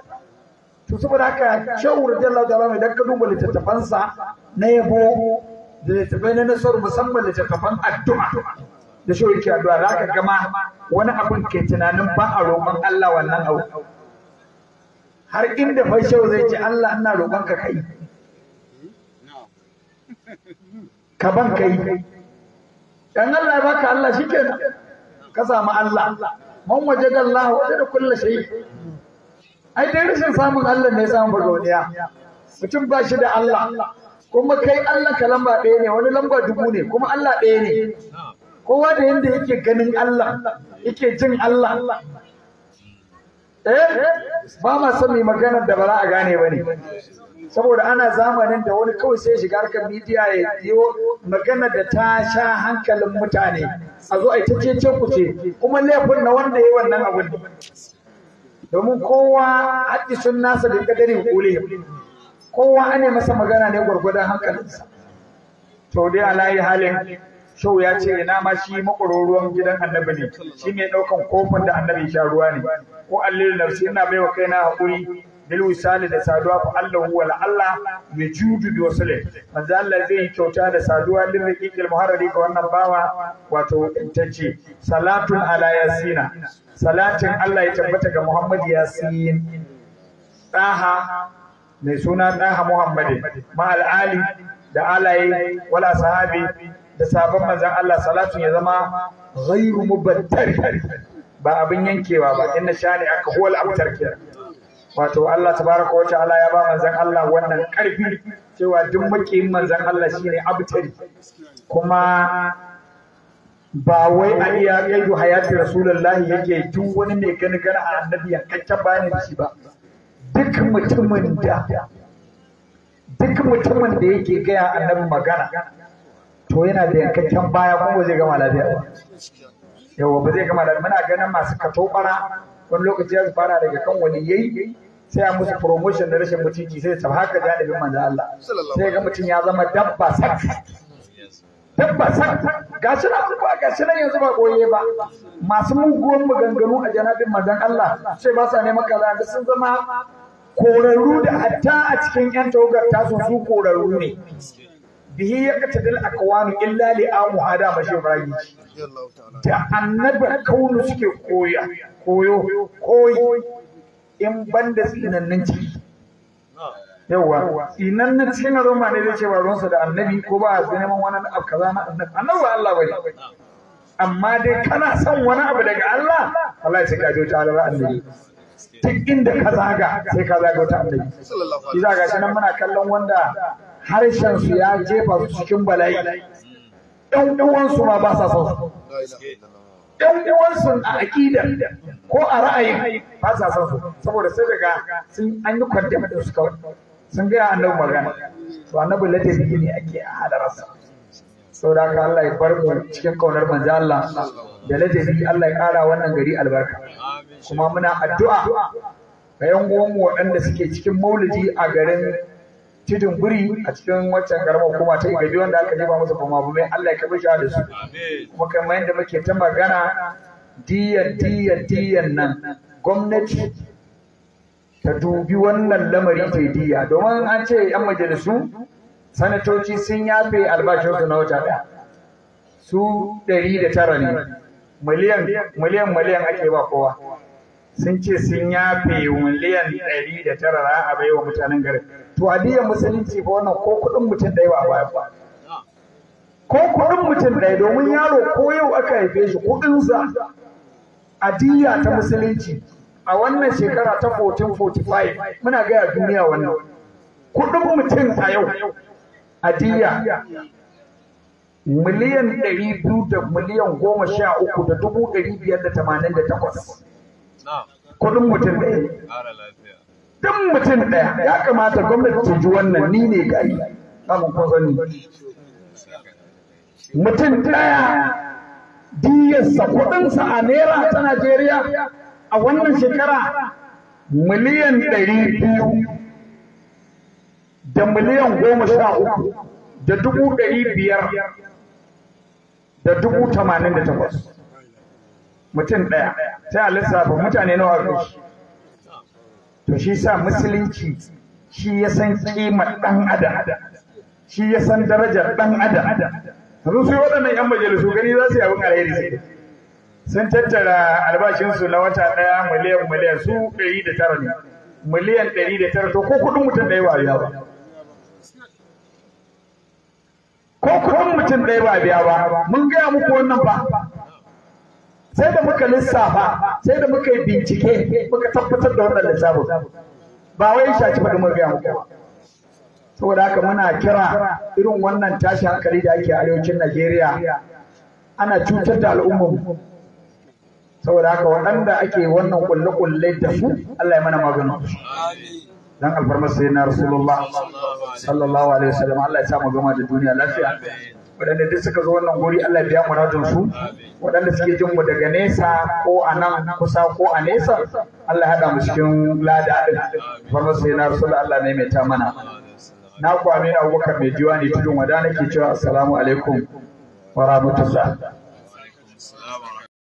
to saboda haka shehu radiyallahu ta'ala mai dan ka duba littattafansa na yabo da littafai na nasaru musamman littattafan addu'a da shi addu'a za ka gama wani abin ke tunanin ba a roƙon Allah wannan abu har inda fashau zai ce Allah ina roƙon ka kai ka ban kai dan Allah ya baka Allah shikenan ka samu Allah man wajada Allah wajada kullu shay ai dai rashin samun Allah ne samun bagauniya mutum ba shi da Allah kuma kai Allah ka lamba ɗaya ne wani lamba dubu ne kuma Allah ɗaya ne kowa da yadda yake ganin Allah yake jin Allah eh ba ma san mai maganar da ba za a gane ba ne saboda ana zamanin da wani kawai sai shiga harkar midiya ya yiwo maganar da ta sha hankalin mutane a zo a ta cece ce, kuma laifin na wanda ya yi wannan abin domin kowa haƙƙi sun nasa da ƙadari hukuli kowa an yi masa magana ne gwargwadon hankalinsa to dai layi halin shau ya ce ina ma shi makwaroruwan gidan annabi ne shi mai ɗaukan kofin da annabi sha ruwa ne ko allil nafsi ina bai wa kaina haƙuri bil wisali da saduwa fa Allah huwa la Allah ya bi wasale manzo Allah zai yi kyauta da saduwa lil raqiqil muharrari ga wannan bawa wato tace salatun ala yasina salatin Allah ya tabbata ga Muhammad yasin daha mai suna ɗaha Muhammadu, ma ali da alaye wala sahabi da sabon manzan Allah salatu ya zama ghairu mubattar ba abin yankewa ba inna shani aka huwal abtar kira wato Allah tabaraka wa ta'ala ya ba manzan Allah wannan karfi cewa duk makiyin manzan Allah shine abtari kuma ba wai a iya kaidu hayati rasulullahi yake duk wani mai gani gana a annabi yankakken da shi ba duk mutumin da duk mutumin da yake gaya annabi magana to yana da yankakken baya kuma zai gama lafiya ba yawa ba zai gama lafiya muna ganin masu kato bara wani lokaci ya fara daga kan wani yayi sai a musu promotion da rashin mutunci sai ta haka janibin manzo Allah sai ga mutum ya zama dabba sak dabba sak gashi na ba gashi na yanzu ba goye ba masu mugun maganganu a janabin manzo Allah sai ba sa neman kaza sun zama korarru da hatta a cikin yan tawagar tasu su korarru ne bihi ya kata dal akwanu illa li amu hada mashi ibrahim da annabar kaunu suke koya koyo koyi in banda sinannin ciki yawa inan na cikin roma ne zai ce ba ruwansa da annabi ko ba a neman wani abu kaza na annabi annabi ba Allah bane amma dai kana son wani abu daga Allah wallahi ya ka je ta annabi duk inda ka zaga sai ka zaga wata annabi shi zaga shi nan muna kallon wanda harshen su ya jefa su cikin bala'i ɗan uwansu ma ba sa son su ɗan uwansu a aƙidar ko a ra'ayi ba sa son su saboda sai daga sun an yi kwantar da su kawai sun gaya annabi magana to annabi ladabi ne ake a sa. saudaka Allah ya bar mu cikin kaunar manzo Allah da ladabi Allah ya ƙara wannan gari albarka kuma muna addu'a ga yan mu waɗanda suke cikin maulidi a garin tidin guri a cikin waccan garin hukuma ta igabi wanda aka jefa musu kuma abu Allah ya kabi shi da su kuma kamar yadda muke ta magana diyan diyan diyan nan gwamnati ta dubi wannan lamari ta diya domin an ce yan majalisu sanatoci sun yafe albashinsu na wata ɗaya su ɗari da tara ne miliyan miliyan miliyan ake ba kowa sun ce sun yafe miliyan ɗari da tara za a bai wa mutanen garin to adiyyar musulunci ba wannan ko kuɗin mutum ɗaya ba baya ba ko kuɗin mutum ɗaya domin yaro ko yau aka haife shi kuɗinsa adiyya ta musulunci a wannan shekara ta 1445 muna gaya duniya wannan kuɗin mutum a yau adiya miliyan ɗari biyu da miliyan goma sha uku da dubu ɗari biyar da tamanin da takwas Kudin mutum ɗaya duk mutum ɗaya ya kamata gwamnati ta ji wannan ni ne gari samun kun sani mutum ɗaya diyarsa kuɗinsa a naira ta najeriya a wannan shekara miliyan ɗari biyu da miliyan goma sha uku da dubu ɗari biyar da dubu tamanin da takwas mutum ɗaya ta yi lissafa mutane nawa ga shi to shi sa musulunci shi ya san kimar ɗan adam shi ya san darajar ɗan adam yanzu su yi waɗannan 'yan majalisu gani za su yi abin alheri sai sun tattara albashinsu na wata ɗaya miliyan miliyan su ɗari da tara ne miliyan ɗari da tara to ko kuɗin mutum ɗaya ba ya ba ko kuɗin mutum ɗaya ba biya ba mun gaya muku wannan ba sai da muka lissafa sai da muka yi bincike muka tabbatar da wannan lissafin ba wai shaci ba da mun gaya muku saboda haka muna kira irin wannan tashi hankali da ake arewacin Najeriya ana cutar da al'ummar saboda haka waɗanda ake wannan kulle-kulle da su Allah ya mana maganin su dan alfarma sai na rasulullah sallallahu alaihi wasallam Allah ya sa mu gama da duniya lafiya waɗanda duk suka zo wannan guri Allah biya muradun su waɗanda suke jin mu daga nesa ko a nan kusa ko a nesa Allah ya haɗa mu cikin lada din Alfarma sai na rasulullah Allah ne mai ta mana na ku amin abubakar mai diwani tudun wada nake cewa assalamu alaikum wa rahmatullah